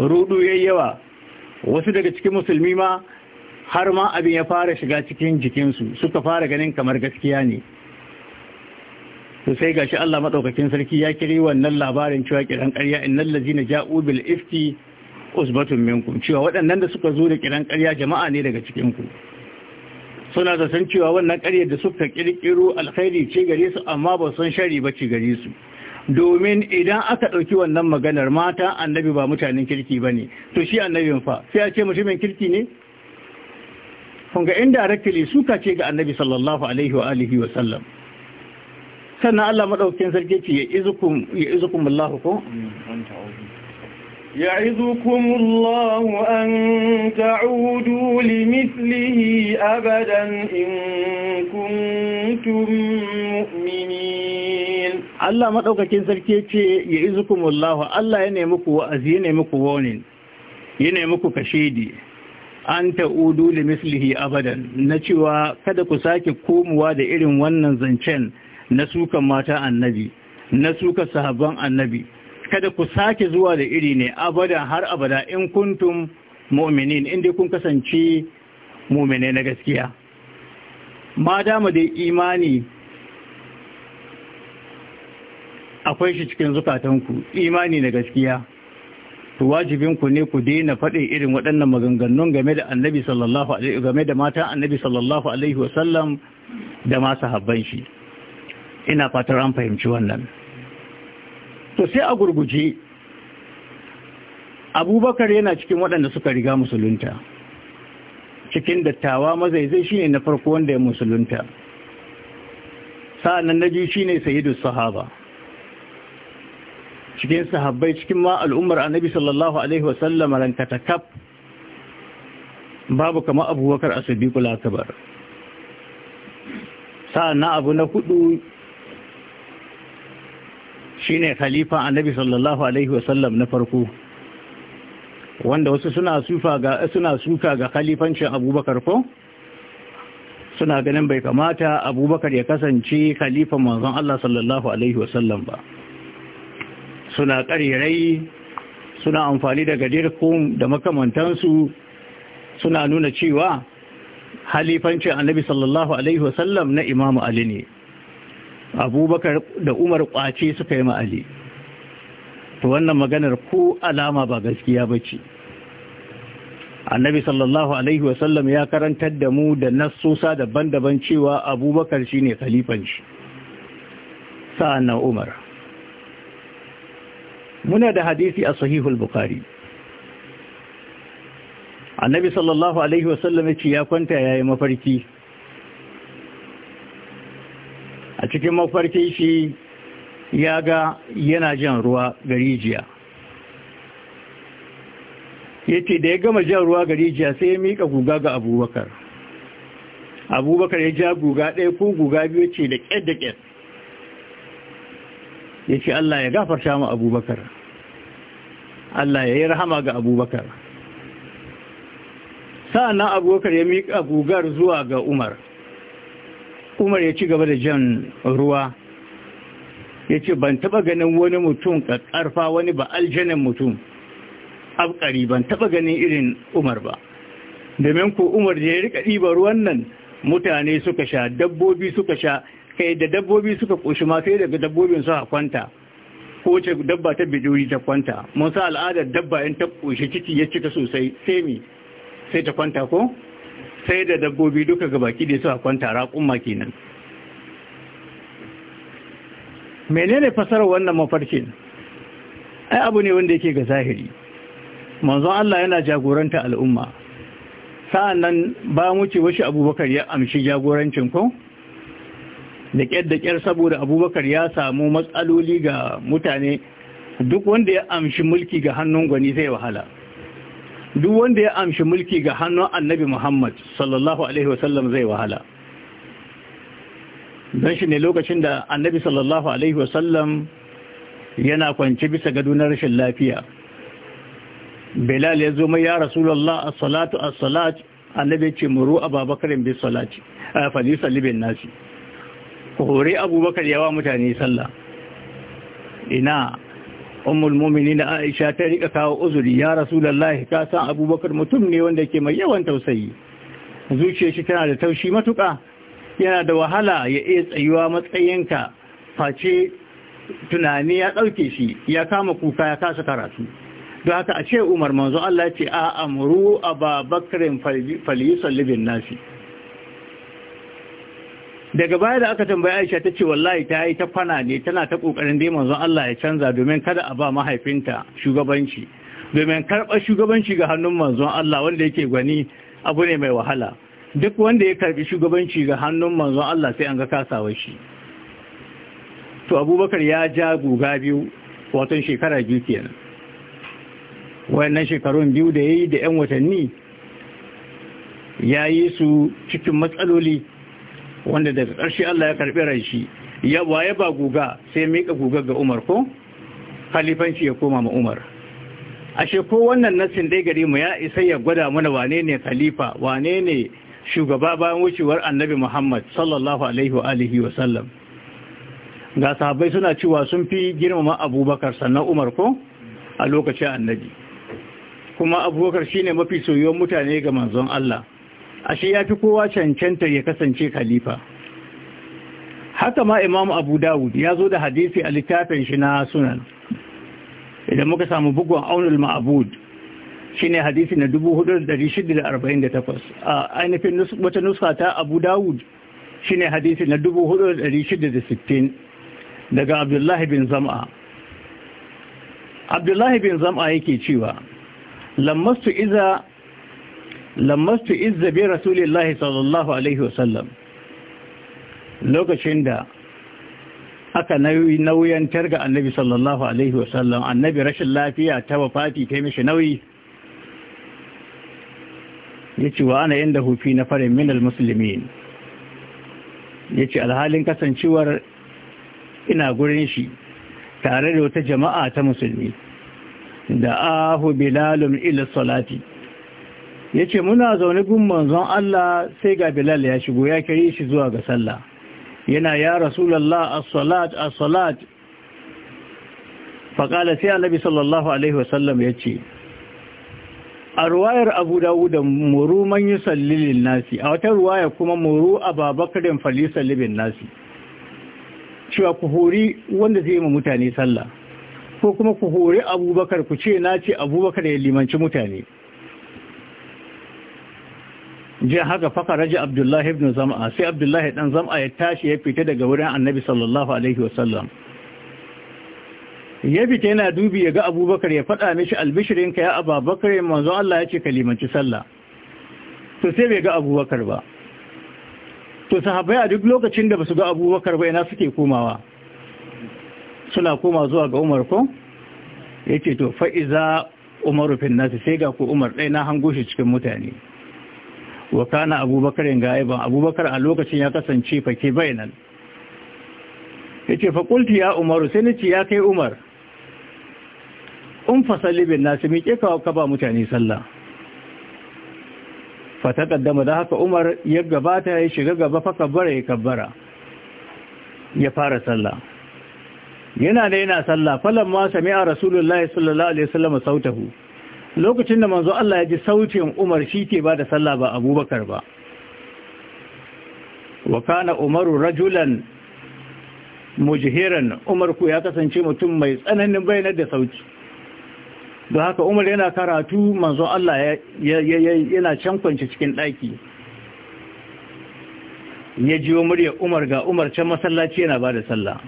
rudu yawa. wasu daga cikin musulmi ma har ma abin ya fara shiga cikin jikinsu suka fara ganin kamar gaskiya ne sai gashi Allah maɗaukakin sarki ya kiri wannan labarin cewa kiran ƙarya innal ladzina ja'u bil ifti usbatun minkum cewa waɗannan da suka zo da kiran ƙarya jama'a ne daga cikin ku suna da san cewa wannan ƙaryar da suka kirkiro alkhairi ce gare su amma ba san shari ba ce gare su domin idan aka ɗauki wannan maganar mata annabi ba mutanen kirki ba ne to shi annabin fa sai a ce mutumin kirki ne kunga rakili suka ce ga annabi sallallahu alaihi wa alihi wa sallam sannan Allah madaukakin sarki ce ya izukum ya izukum Allah ko يعظكم الله an ta'udu mislihi abadan in كنتم mu'minin Allah maɗaukakin sarki ce ya yi zuku mullahu. Allah ya nemi ku wa'azi ya nemi ku wonin ya nemi ku kashedi an ta'udu da mislihi abadan na cewa kada ku sake komowa da irin wannan zancen na sukan mata annabi na suka sahabban annabi kada ku sake zuwa da iri ne abada har abada in kuntum mu'minin inda kun kasance mu'mine na gaskiya ma dama da imani akwai shi cikin zukatanku imani na gaskiya to wajibinku ne ku daina faɗin irin waɗannan maganganun game da annabi sallallahu alaihi game da matan annabi sallallahu alaihi wasallam da masu habban shi ina fatar an fahimci wannan to sai a gurguje abubakar yana cikin waɗanda suka riga musulunta cikin dattawa mazaizai shine na farko wanda ya musulunta sa'annan na biyu shine sayyidus sahaba cikin sahabbai cikin ma al'ummar annabi sallallahu alaihi wasallam rankata kaf babu kama abubakar asidiku lakabar sa'an abu na hudu shine khalifa annabi sallallahu alaihi wasallam na farko wanda wasu suna suna suka ga khalifancin abubakar ko suna ganin bai kamata abubakar ya kasance khalifan manzon Allah sallallahu alaihi wasallam ba suna ƙarirai suna amfani da dirkun da makamantansu suna nuna cewa halifancin annabi sallallahu alaihi wasallam na imamu ali ne abubakar da umar kwace suka yi ma'ali ta wannan maganar ko alama ba gaskiya ba ce annabi sallallahu alaihi wasallam ya karantar da mu da nasusa daban-daban cewa abubakar shi ne khalifan shi na umar muna da hadisi a sahihul bukhari annabi sallallahu alaihi wasallam ya ce ya kwanta yayi mafarki a cikin mafarki shi ya ga yana jan ruwa ga rijiya ya ce da ya gama jan ruwa ga rijiya sai ya miƙa guga ga abubakar abubakar ya ja guga ɗaya ko guga biyu ce da ƙyar da ƙyar ya ce Allah ya gafarta mu abubakar Allah ya yi rahama ga abubakar sa'annan abubakar ya miƙa gugar zuwa ga umar umar ya ci gaba da jan ruwa ya ce ban taɓa ganin wani mutum ka ƙarfa wani ba aljanin mutum abƙari ban taɓa ganin irin umar ba domin ko umar da ya riƙa ɗiba ruwan nan mutane suka sha dabbobi suka sha kai da dabbobi suka ƙoshi ma sai daga dabbobin su a kwanta ko ce dabba ta bidoyi ta kwanta mun sa al'adar dabba in ta ƙoshi ciki ya cika sosai sai mi sai ta kwanta ko sai da dabbobi duka ga baki da a kwanta raƙumma kenan menene fasarar wannan mafarkin ai abu ne wanda yake ga zahiri manzon Allah yana jagoranta al'umma sa'annan ba mu ce wasu abubakar ya amshi jagorancin ko da ƙyar da ƙyar saboda abubakar ya samu matsaloli ga mutane duk wanda ya amshi mulki ga hannun gwani zai wahala duk wanda ya amshi mulki ga hannun annabi muhammad sallallahu alaihi wasallam zai wahala don shi ne lokacin da annabi sallallahu alaihi wasallam yana kwanci bisa gado na rashin lafiya belal ya zo mai ya rasulallah as-salatu as-salat annabi ce muru ababakarin bis salati eh, a yusalli nasi hore abubakar yawa mutane sallah ina mumini mu'minin Aisha ta rika kawo uzuri ya rasu rasulullahi ka san abubakar mutum ne wanda ke mai yawan tausayi zuciyar shi tana da taushi matuka yana da wahala ya iya tsayuwa matsayinka face tunani ya ɗauke shi ya kama kuka ya kasa karatu don haka a ce umar manzo Allah ce a amuru a babakarin falisar libin nasi daga baya da aka tambaya aisha ta ce wallahi ta yi ta fana ne tana ta kokarin dai manzon Allah ya canza domin kada a ba mahaifinta shugabanci domin karɓar shugabanci ga hannun manzon Allah wanda yake gwani abu ne mai wahala duk wanda ya karɓi shugabanci ga hannun manzon Allah sai an ga kasawa shi to abubakar ya ja guga biyu watan shekara biyu kenan wannan shekarun biyu da ya yi da 'yan watanni ya yi su cikin matsaloli wanda daga ƙarshe Allah ya karɓi ran shi ya waye ba guga sai mika guga ga Umar ko khalifanci ya koma ma Umar ashe ko wannan nasin dai gari mu ya isa ya gwada mana wane ne khalifa wane ne shugaba bayan wucewar Annabi Muhammad sallallahu alaihi wa alihi wa sallam ga sahabbai suna cewa sun fi girmama Abubakar sannan Umar ko a lokacin Annabi kuma Abubakar shine mafi soyuwar mutane ga manzon Allah ashe ya fi kowa cancanta ya kasance khalifa haka ma imam abu dawud ya zo da hadisi a littafin shi na sunan idan muka samu bugun aunul ma'abud shi ne hadisi na 4648 a ainihin wata nuska ta abu dawud shi ne hadisi na 4660 daga abdullahi bin zama abdullahi bin zama yake cewa lammastu iza lammastu izza bi rasulillahi sallallahu alaihi wasallam lokacin da aka nauyantar ga annabi sallallahu alaihi wasallam annabi rashin lafiya ta wafati ta mishi nauyi ya ce wa ana inda hufi na farin minal almuslimin yace ce alhalin kasancewar ina gurin shi tare da wata jama'a ta musulmi da ahu bilalun ila salati ya ce muna zaune gun manzon Allah sai ga Bilal ya shigo ya kiri shi zuwa ga sallah yana ya rasulallah as-salat as-salat faƙala sai annabi sallallahu alaihi wasallam ya ce a ruwayar abu dawuda muru man yi sallilin nasi a wata ruwaya kuma muru a babakarin fali sallibin nasi cewa ku hori wanda zai yi mutane sallah ko kuma ku hori abubakar ku ce na ce abubakar ya limanci mutane jiya haka faka raji abdullahi ibn zam'a sai abdullahi dan zam'a ya tashi ya fita daga wurin annabi sallallahu alaihi wasallam ya fita yana dubi ya ga abubakar ya faɗa mishi albishirin ka ya ababakar manzo Allah ya ce kalimanci sallah to sai bai ga abubakar ba to sahabbai a duk lokacin da basu ga abubakar ba ina suke komawa suna koma zuwa ga umar ko ya ce to fa'iza umaru fil nas sai ga ku umar ɗaya na hango shi cikin mutane wa kana abubakar yin ga'iban abubakar a lokacin ya kasance fake bayanan. ya ce fakulti ya umaru sai ni ci ya kai umar un fasali bin nasu miƙe ka ba mutane sallah fata ƙaddama da haka umar ya gabata ya shiga gaba fa kabbara ya kabbara ya fara sallah yana da yana sallah falon ma sami a rasulullahi sallallahu alaihi wasallam sautahu lokacin da manzo Allah ya ji sautin Umar shi ke ba da sallah ba Abubakar ba wa kana Umaru rajulan mujhiran Umar ku ya kasance mutum mai tsananin bayanar da sauti don haka Umar yana karatu manzo Allah yana can kwance cikin daki ya jiwo murya Umar ga Umar can masallaci yana ba da sallah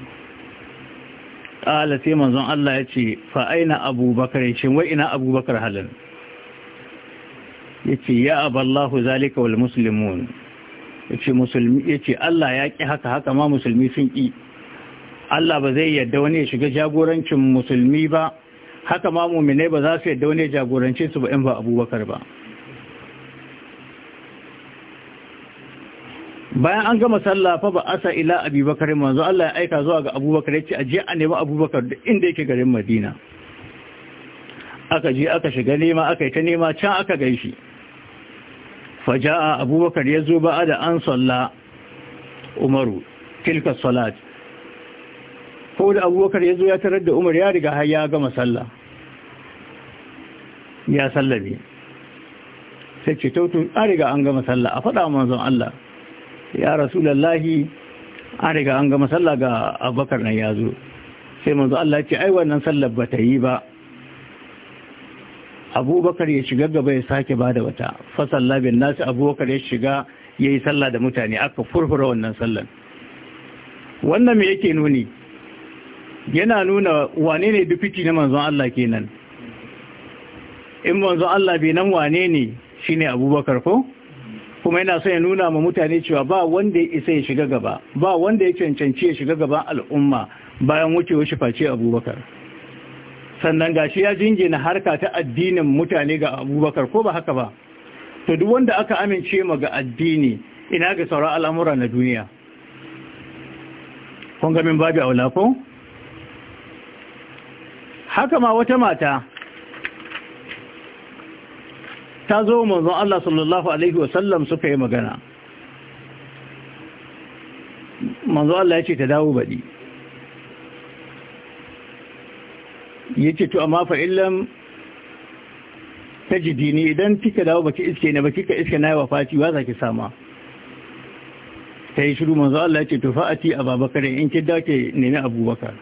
ƙala sai manzon Allah ya ce fa'aina abubakar shi wai ina abubakar halin ya ce ya aballahu zalika wal musulmun ya ce Allah ya ƙi haka haka ma musulmi sun ƙi Allah ba zai yadda wani ya shiga jagorancin musulmi ba haka ma muminai ba za su yadda wani ya jagorance su ba in ba abubakar ba bayan an gama sallah fa ba asa ila abubakar manzo Allah ya aika zuwa ga abubakar yace aje a nemi abubakar da inda yake garin madina aka je aka shiga nema aka yi ta nema can aka gaishi faja'a abubakar ya zo ba'a da an salla umaru tilka salat ko da abubakar ya zo ya tarar da umar ya riga har ya gama sallah ya sallabe sai ce tautun an riga an gama sallah a faɗa manzon Allah ya rasulallahi an riga an ga masalla ga abubakar nan ya zo sai manzo Allah ce ai wannan sallar ba ta yi ba abubakar ya shiga gaba ya sake da wata fasalla bin nasi abubakar ya shiga ya yi sallah da mutane aka furfura wannan sallar wannan me yake nuni yana nuna wane ne dufiti na manzon Allah kenan in manzon Allah bai nan wane ne shine abubakar ko kuma yana son ya nuna ma mutane cewa ba wanda ya isa ya shiga gaba ba wanda ya cancanci ya shiga gaban al'umma bayan wucewa shi face abubakar sannan gashi ya jingina harka ta addinin mutane ga abubakar ko ba haka ba to duk wanda aka amince ma ga addini ina ga sauran al'amura na duniya kun ga min babu aula ko haka ma wata mata ta zo manzon Allah sallallahu alaihi wasallam suka yi magana manzon Allah ya ce ta dawo baɗi ya ce to amma fa illam ta jidi ne idan kika dawo baki iske ne baki ka iske na yi Fati ba za ki sama ta yi shiru manzo Allah ya ce to fa'ati a babakar in ki dace nemi abubakar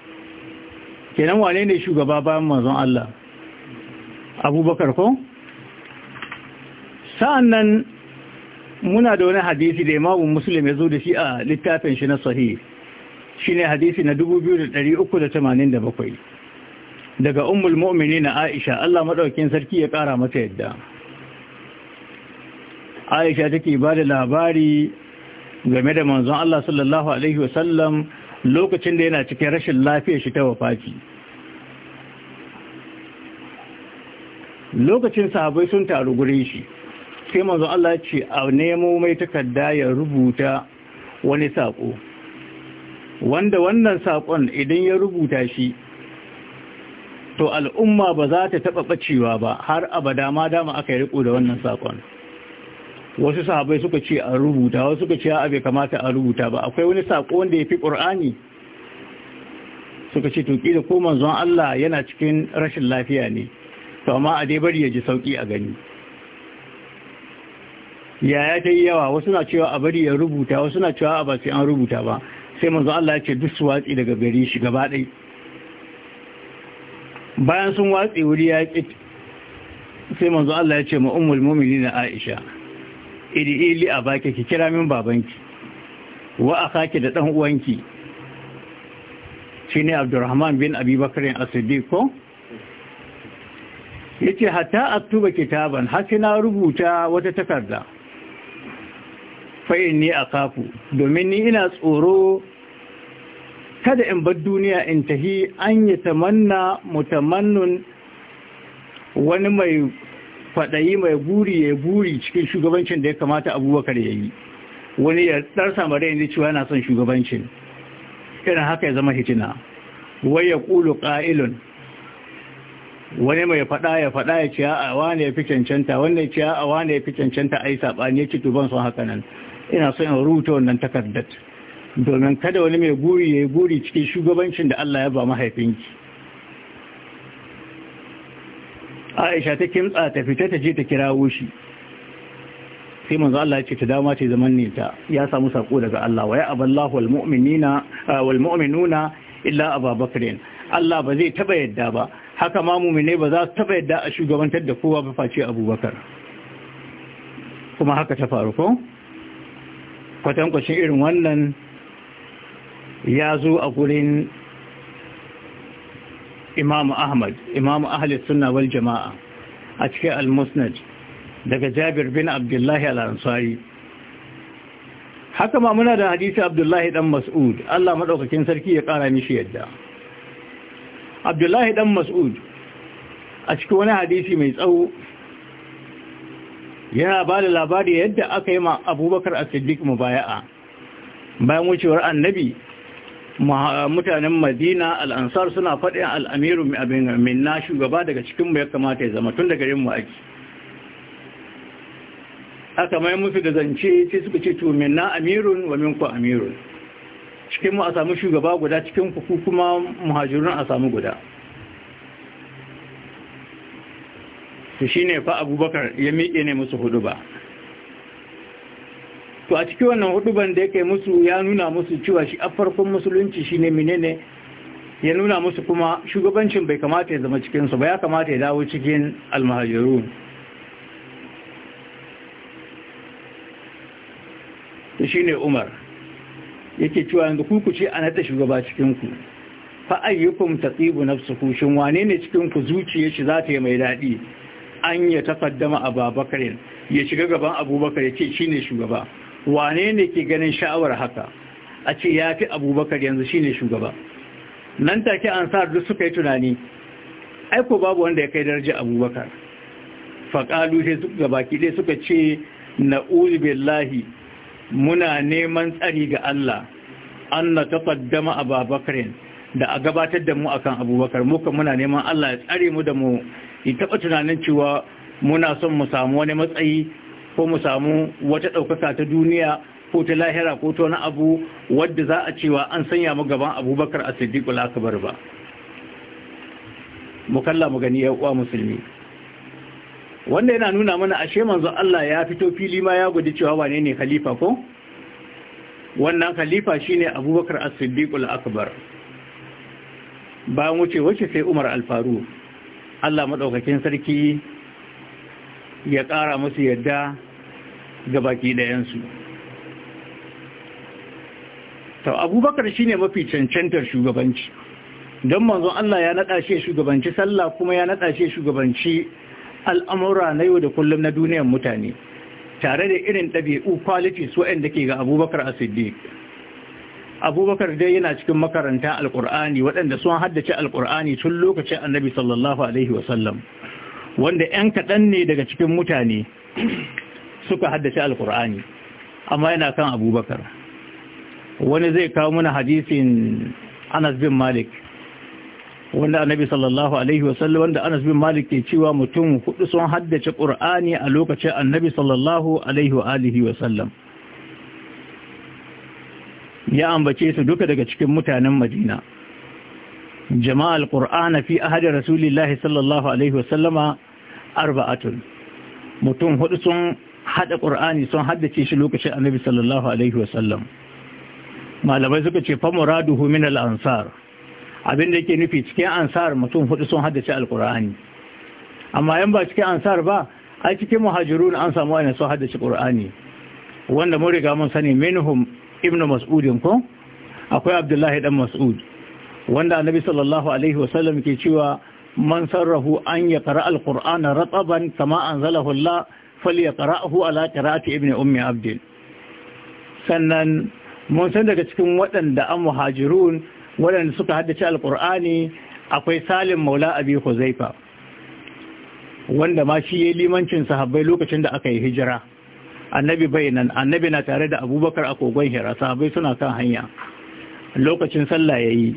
kenan wane ne shugaba bayan manzon Allah abubakar ko sa'an nan muna da wani hadisi da imamun musulun ya zo da shi a littafin shi na sahi shi ne hadisi na 2387 daga umul mu'mini na aisha Allah maɗaukin sarki ya ƙara mata yadda aisha take ba da labari game da manzon Allah sallallahu Alaihi wasallam lokacin da yana cikin rashin lafiya shi ta wafaci lokacin sahabai sun taru gure shi sai manzo Allah ce a nemo mai takarda ya rubuta wani saƙo. wanda wannan saƙon idan ya rubuta shi to al'umma ba za ta taɓa ɓacewa ba har abada ma dama aka yi riko da wannan saƙon. wasu sahabai suka ce a rubuta wasu suka ce a kamata a rubuta ba akwai wani saƙo wanda ya fi ƙur'ani suka ce to da ko manzon Allah yana cikin rashin lafiya ne to amma a dai bari ya ji sauki a gani yaya dai yawa wasu na cewa a bari ya rubuta wasu na cewa a ba sai an rubuta ba sai manzo Allah ya ce duk su watsi daga gari shi gaba ɗai bayan sun watsi wuri ya ƙi sai manzo Allah ya ce ma ummul mu'minin Aisha idi ili a baki ki kira min babanki wa akaki da dan uwanki shine Abdurrahman bin Abi Bakr as-Siddiq ko yace hatta aktuba kitaban har na rubuta wata takarda fa'in ni a kafu domin ni ina tsoro kada in bar duniya in tahi an yi tamanna mutamannun wani mai faɗayi mai buri ya buri cikin shugabancin da ya kamata abubakar ya yi wani ya ɗarsa rai ne cewa yana son shugabancin irin haka ya zama hitina wai ya ƙulu ƙa'ilun wani mai faɗa ya faɗa ya ce a wane ya fi cancanta wannan ce a wane ya fi cancanta a yi saɓani ya ci tuban sun haka nan ina so in rubuta wannan takardar domin kada wani mai guri ya yi guri cikin shugabancin da Allah ya ba mahaifinki Aisha ta kimtsa ta fita ta je ta kirawo shi sai manzo Allah ya ce ta dama ce zaman ne ta ya samu sako daga Allah wa ya aballahu wal mu'minina wal mu'minuna illa Bakr. Allah ba zai taba yadda ba haka ma mu'mine ba za su taba yadda a shugabantar da kowa ba face Abubakar kuma haka ta faru ko kwatankwashin irin wannan ya zo a gurin imamu ahmad imamu ahalis suna wal jama'a a cikin al-musnad daga jabir bin abdullahi al-ansari haka ma muna da hadisi abdullahi dan mas'ud Allah maɗaukakin sarki ya kara mishi yadda abdullahi dan mas'ud a cikin wani hadisi mai tsawo yana ba da labari yadda aka yi ma abubakar a siddiq baya'a. bayan wucewar annabi mutanen madina al'ansar suna faɗin al'amiru min na shugaba daga cikinmu ya kamata ya zama tun da garinmu ake aka mai mufi da zance sai suka ce to min na amirun wa min ku, amirun cikinmu a samu shugaba guda cikinku kuma muhajirun a samu guda to ne fa abubakar ya miƙe ne musu hudu ba to a cikin wannan huɗuban da yake musu ya nuna musu cewa shi a farkon musulunci shi ne menene ya nuna musu kuma shugabancin bai kamata ya zama cikinsu ba ya kamata ya dawo cikin almahajirun to ne Umar yake cewa yanzu ku ce a nata shugaba cikinku ku fa na taqibu nafsuhu shin wane ne cikin ku zuciyar shi za ta yi mai daɗi? an ya tafaddama a babakarin ya shiga gaban abubakar ya ce shi ne shugaba wane ne ke ganin sha'awar haka a ce ya fi abubakar yanzu shi ne shugaba nan take an sa duk suka yi tunani aiko babu wanda ya kai daraja abubakar faƙalu sai suka gabaki ɗaya suka ce na billahi muna neman tsari ga Allah an na tafaddama a babakarin da a gabatar da mu akan abubakar muka muna neman Allah ya tsare mu da mu ki taɓa tunanin cewa muna son mu samu wani matsayi ko mu samu wata ɗaukaka ta duniya ko ta lahira ko ta wani abu wadda za a cewa an sanya mu gaban abubakar a siddiƙul akbar ba mu kalla mu gani yau musulmi wanda yana nuna mana ashe manzo Allah ya fito fili ma ya gudu cewa wane ne khalifa ko wannan khalifa shine abubakar as-siddiq al-akbar bayan wuce wace sai umar al-faruq Allah maɗaukakin sarki ya ƙara musu yadda ga baki ɗayansu. Ta abubakar shi ne mafi cancantar shugabanci, don manzon Allah ya naɗa shi shugabanci sallah kuma ya naɗa shi shugabanci al'amura na yau da kullum na duniyar mutane, tare da irin ɗabi'u kwalitis da ke ga abubakar a abubakar dai yana cikin makaranta alkur'ani waɗanda sun haddace alkur'ani tun lokacin annabi sallallahu alaihi wasallam wanda 'yan kaɗan ne daga cikin mutane suka haddace alkur'ani amma yana kan abubakar wani zai kawo mana hadisin anas bin malik wanda annabi sallallahu alaihi wasallam wanda anas bin malik ke cewa mutum hudu sun haddace qur'ani a lokacin annabi sallallahu alaihi wa alihi wasallam ya ambace su duka daga cikin mutanen Madina jama'al qur'ana fi ahadi rasulillahi sallallahu alaihi wasallama arba'atun mutum hudu sun hada qur'ani sun haddace shi lokacin annabi sallallahu alaihi wasallam malamai suka ce fa muraduhu min al-ansar abin da yake nufi cikin ansar mutum hudu sun haddace al-qur'ani amma yan ba cikin ansar ba ai cikin muhajirun an samu wani sun haddace qur'ani wanda mun riga mun sani minhum ibnu mas'udin ko akwai abdullahi dan mas'ud wanda annabi sallallahu alaihi wasallam ke cewa man sarrahu an yaqra alqur'ana rataban kama anzalahu Allah falyaqra'hu ala qira'ati ibn ummi abd sannan mun san daga cikin waɗanda an muhajirun waɗanda suka haddace alqur'ani akwai salim maula abi huzaifa wanda ma shi yayi limancin sahabbai lokacin da aka yi hijira annabi bai nan annabi na tare da abubakar a kogon hira sahabai suna kan hanya lokacin sallah ya yi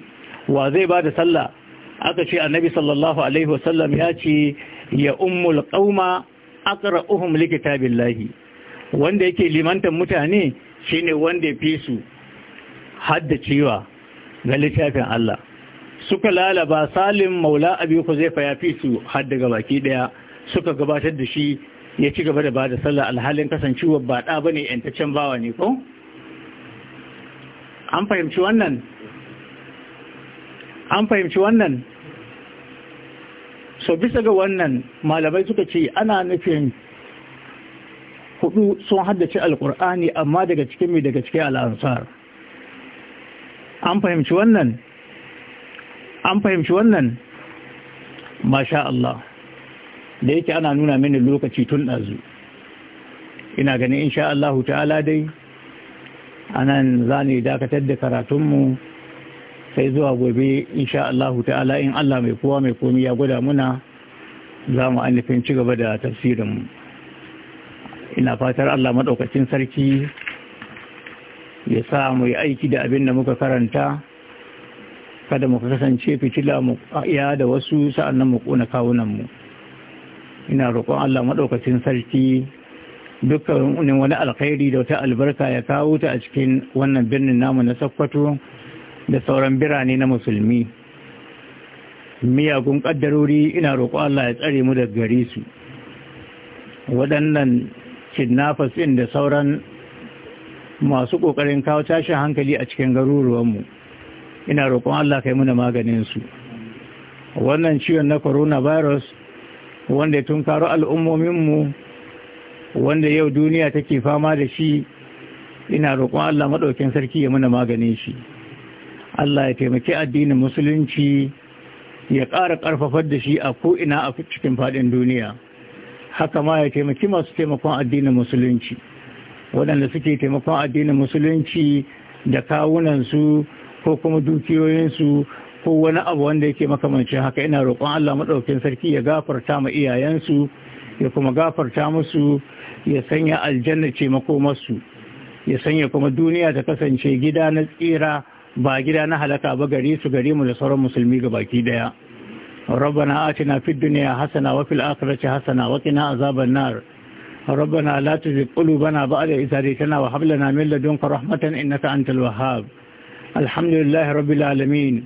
wa zai ba da sallah aka ce annabi sallallahu alaihi wasallam ya ce ya ummul qauma aqra'uhum likitabillahi wanda yake limantar mutane shine wanda ya fi su haddacewa ga littafin Allah suka lalaba salin maula abi huzaifa ya fi su hadda ga baki daya suka gabatar da shi ya ci gaba da ba da sallah alhalin kasancewar ba ɗa ba ne ‘yantaccen bawa ne ko? An fahimci wannan? An fahimci wannan? So bisa ga wannan malamai suka ce ana nufin hudu sun haddace alkur'ani amma daga cikin mai daga cikin al'ansar. An fahimci wannan? An fahimci wannan? Masha Allah. da yake ana nuna mini lokaci tun ɗazu ina ganin insha Allahu ta'ala dai anan za ne dakatar da karatunmu sai zuwa gobe insha Allahu ta'ala in Allah mai kowa mai komi ya gwada muna za mu annifin ci gaba da tafsirinmu ina fatar Allah maɗaukacin sarki ya sa mu yi aiki da abin da muka karanta kada mu kasance fitila mu ya da wasu sa'annan mu kona kawunanmu ina roƙon Allah maɗaukacin sarki dukkan wani alkhairi da wata albarka ya kawo ta a cikin wannan birnin namu na Sokoto da sauran birane na musulmi miyagun ƙaddarori ina roƙon Allah ya tsare mu da gare su waɗannan kidnappers ɗin da sauran masu ƙoƙarin kawo tashin hankali a cikin garuruwanmu ina roƙon Allah kai muna maganin su wannan ciwon na coronavirus virus wanda ya tunkaro al'ummominmu wanda yau duniya take fama da shi ina roƙon Allah maɗaukin sarki ya muna maganin shi Allah ya taimaki addinin musulunci ya ƙara ƙarfafar da shi a ko'ina a cikin faɗin duniya haka ma ya taimaki masu taimakon addinin musulunci waɗanda suke taimakon addinin musulunci da kawunansu ko kuma dukiyoyinsu ko wani abu wanda yake makamancin haka ina roƙon Allah maɗaukin sarki ya gafarta ma iyayensu ya kuma gafarta musu ya sanya aljanna ce makomarsu ya sanya kuma duniya ta kasance gida na tsira ba gida na halaka ba gare su gare mu da sauran musulmi ga baki daya ربنا آتنا في الدنيا حسنة وفي الآخرة حسنة وقنا عذاب النار ربنا لا da قلوبنا بعد إذ هديتنا وهب لنا من لدنك رحمة إنك أنت الوهاب الحمد لله رب العالمين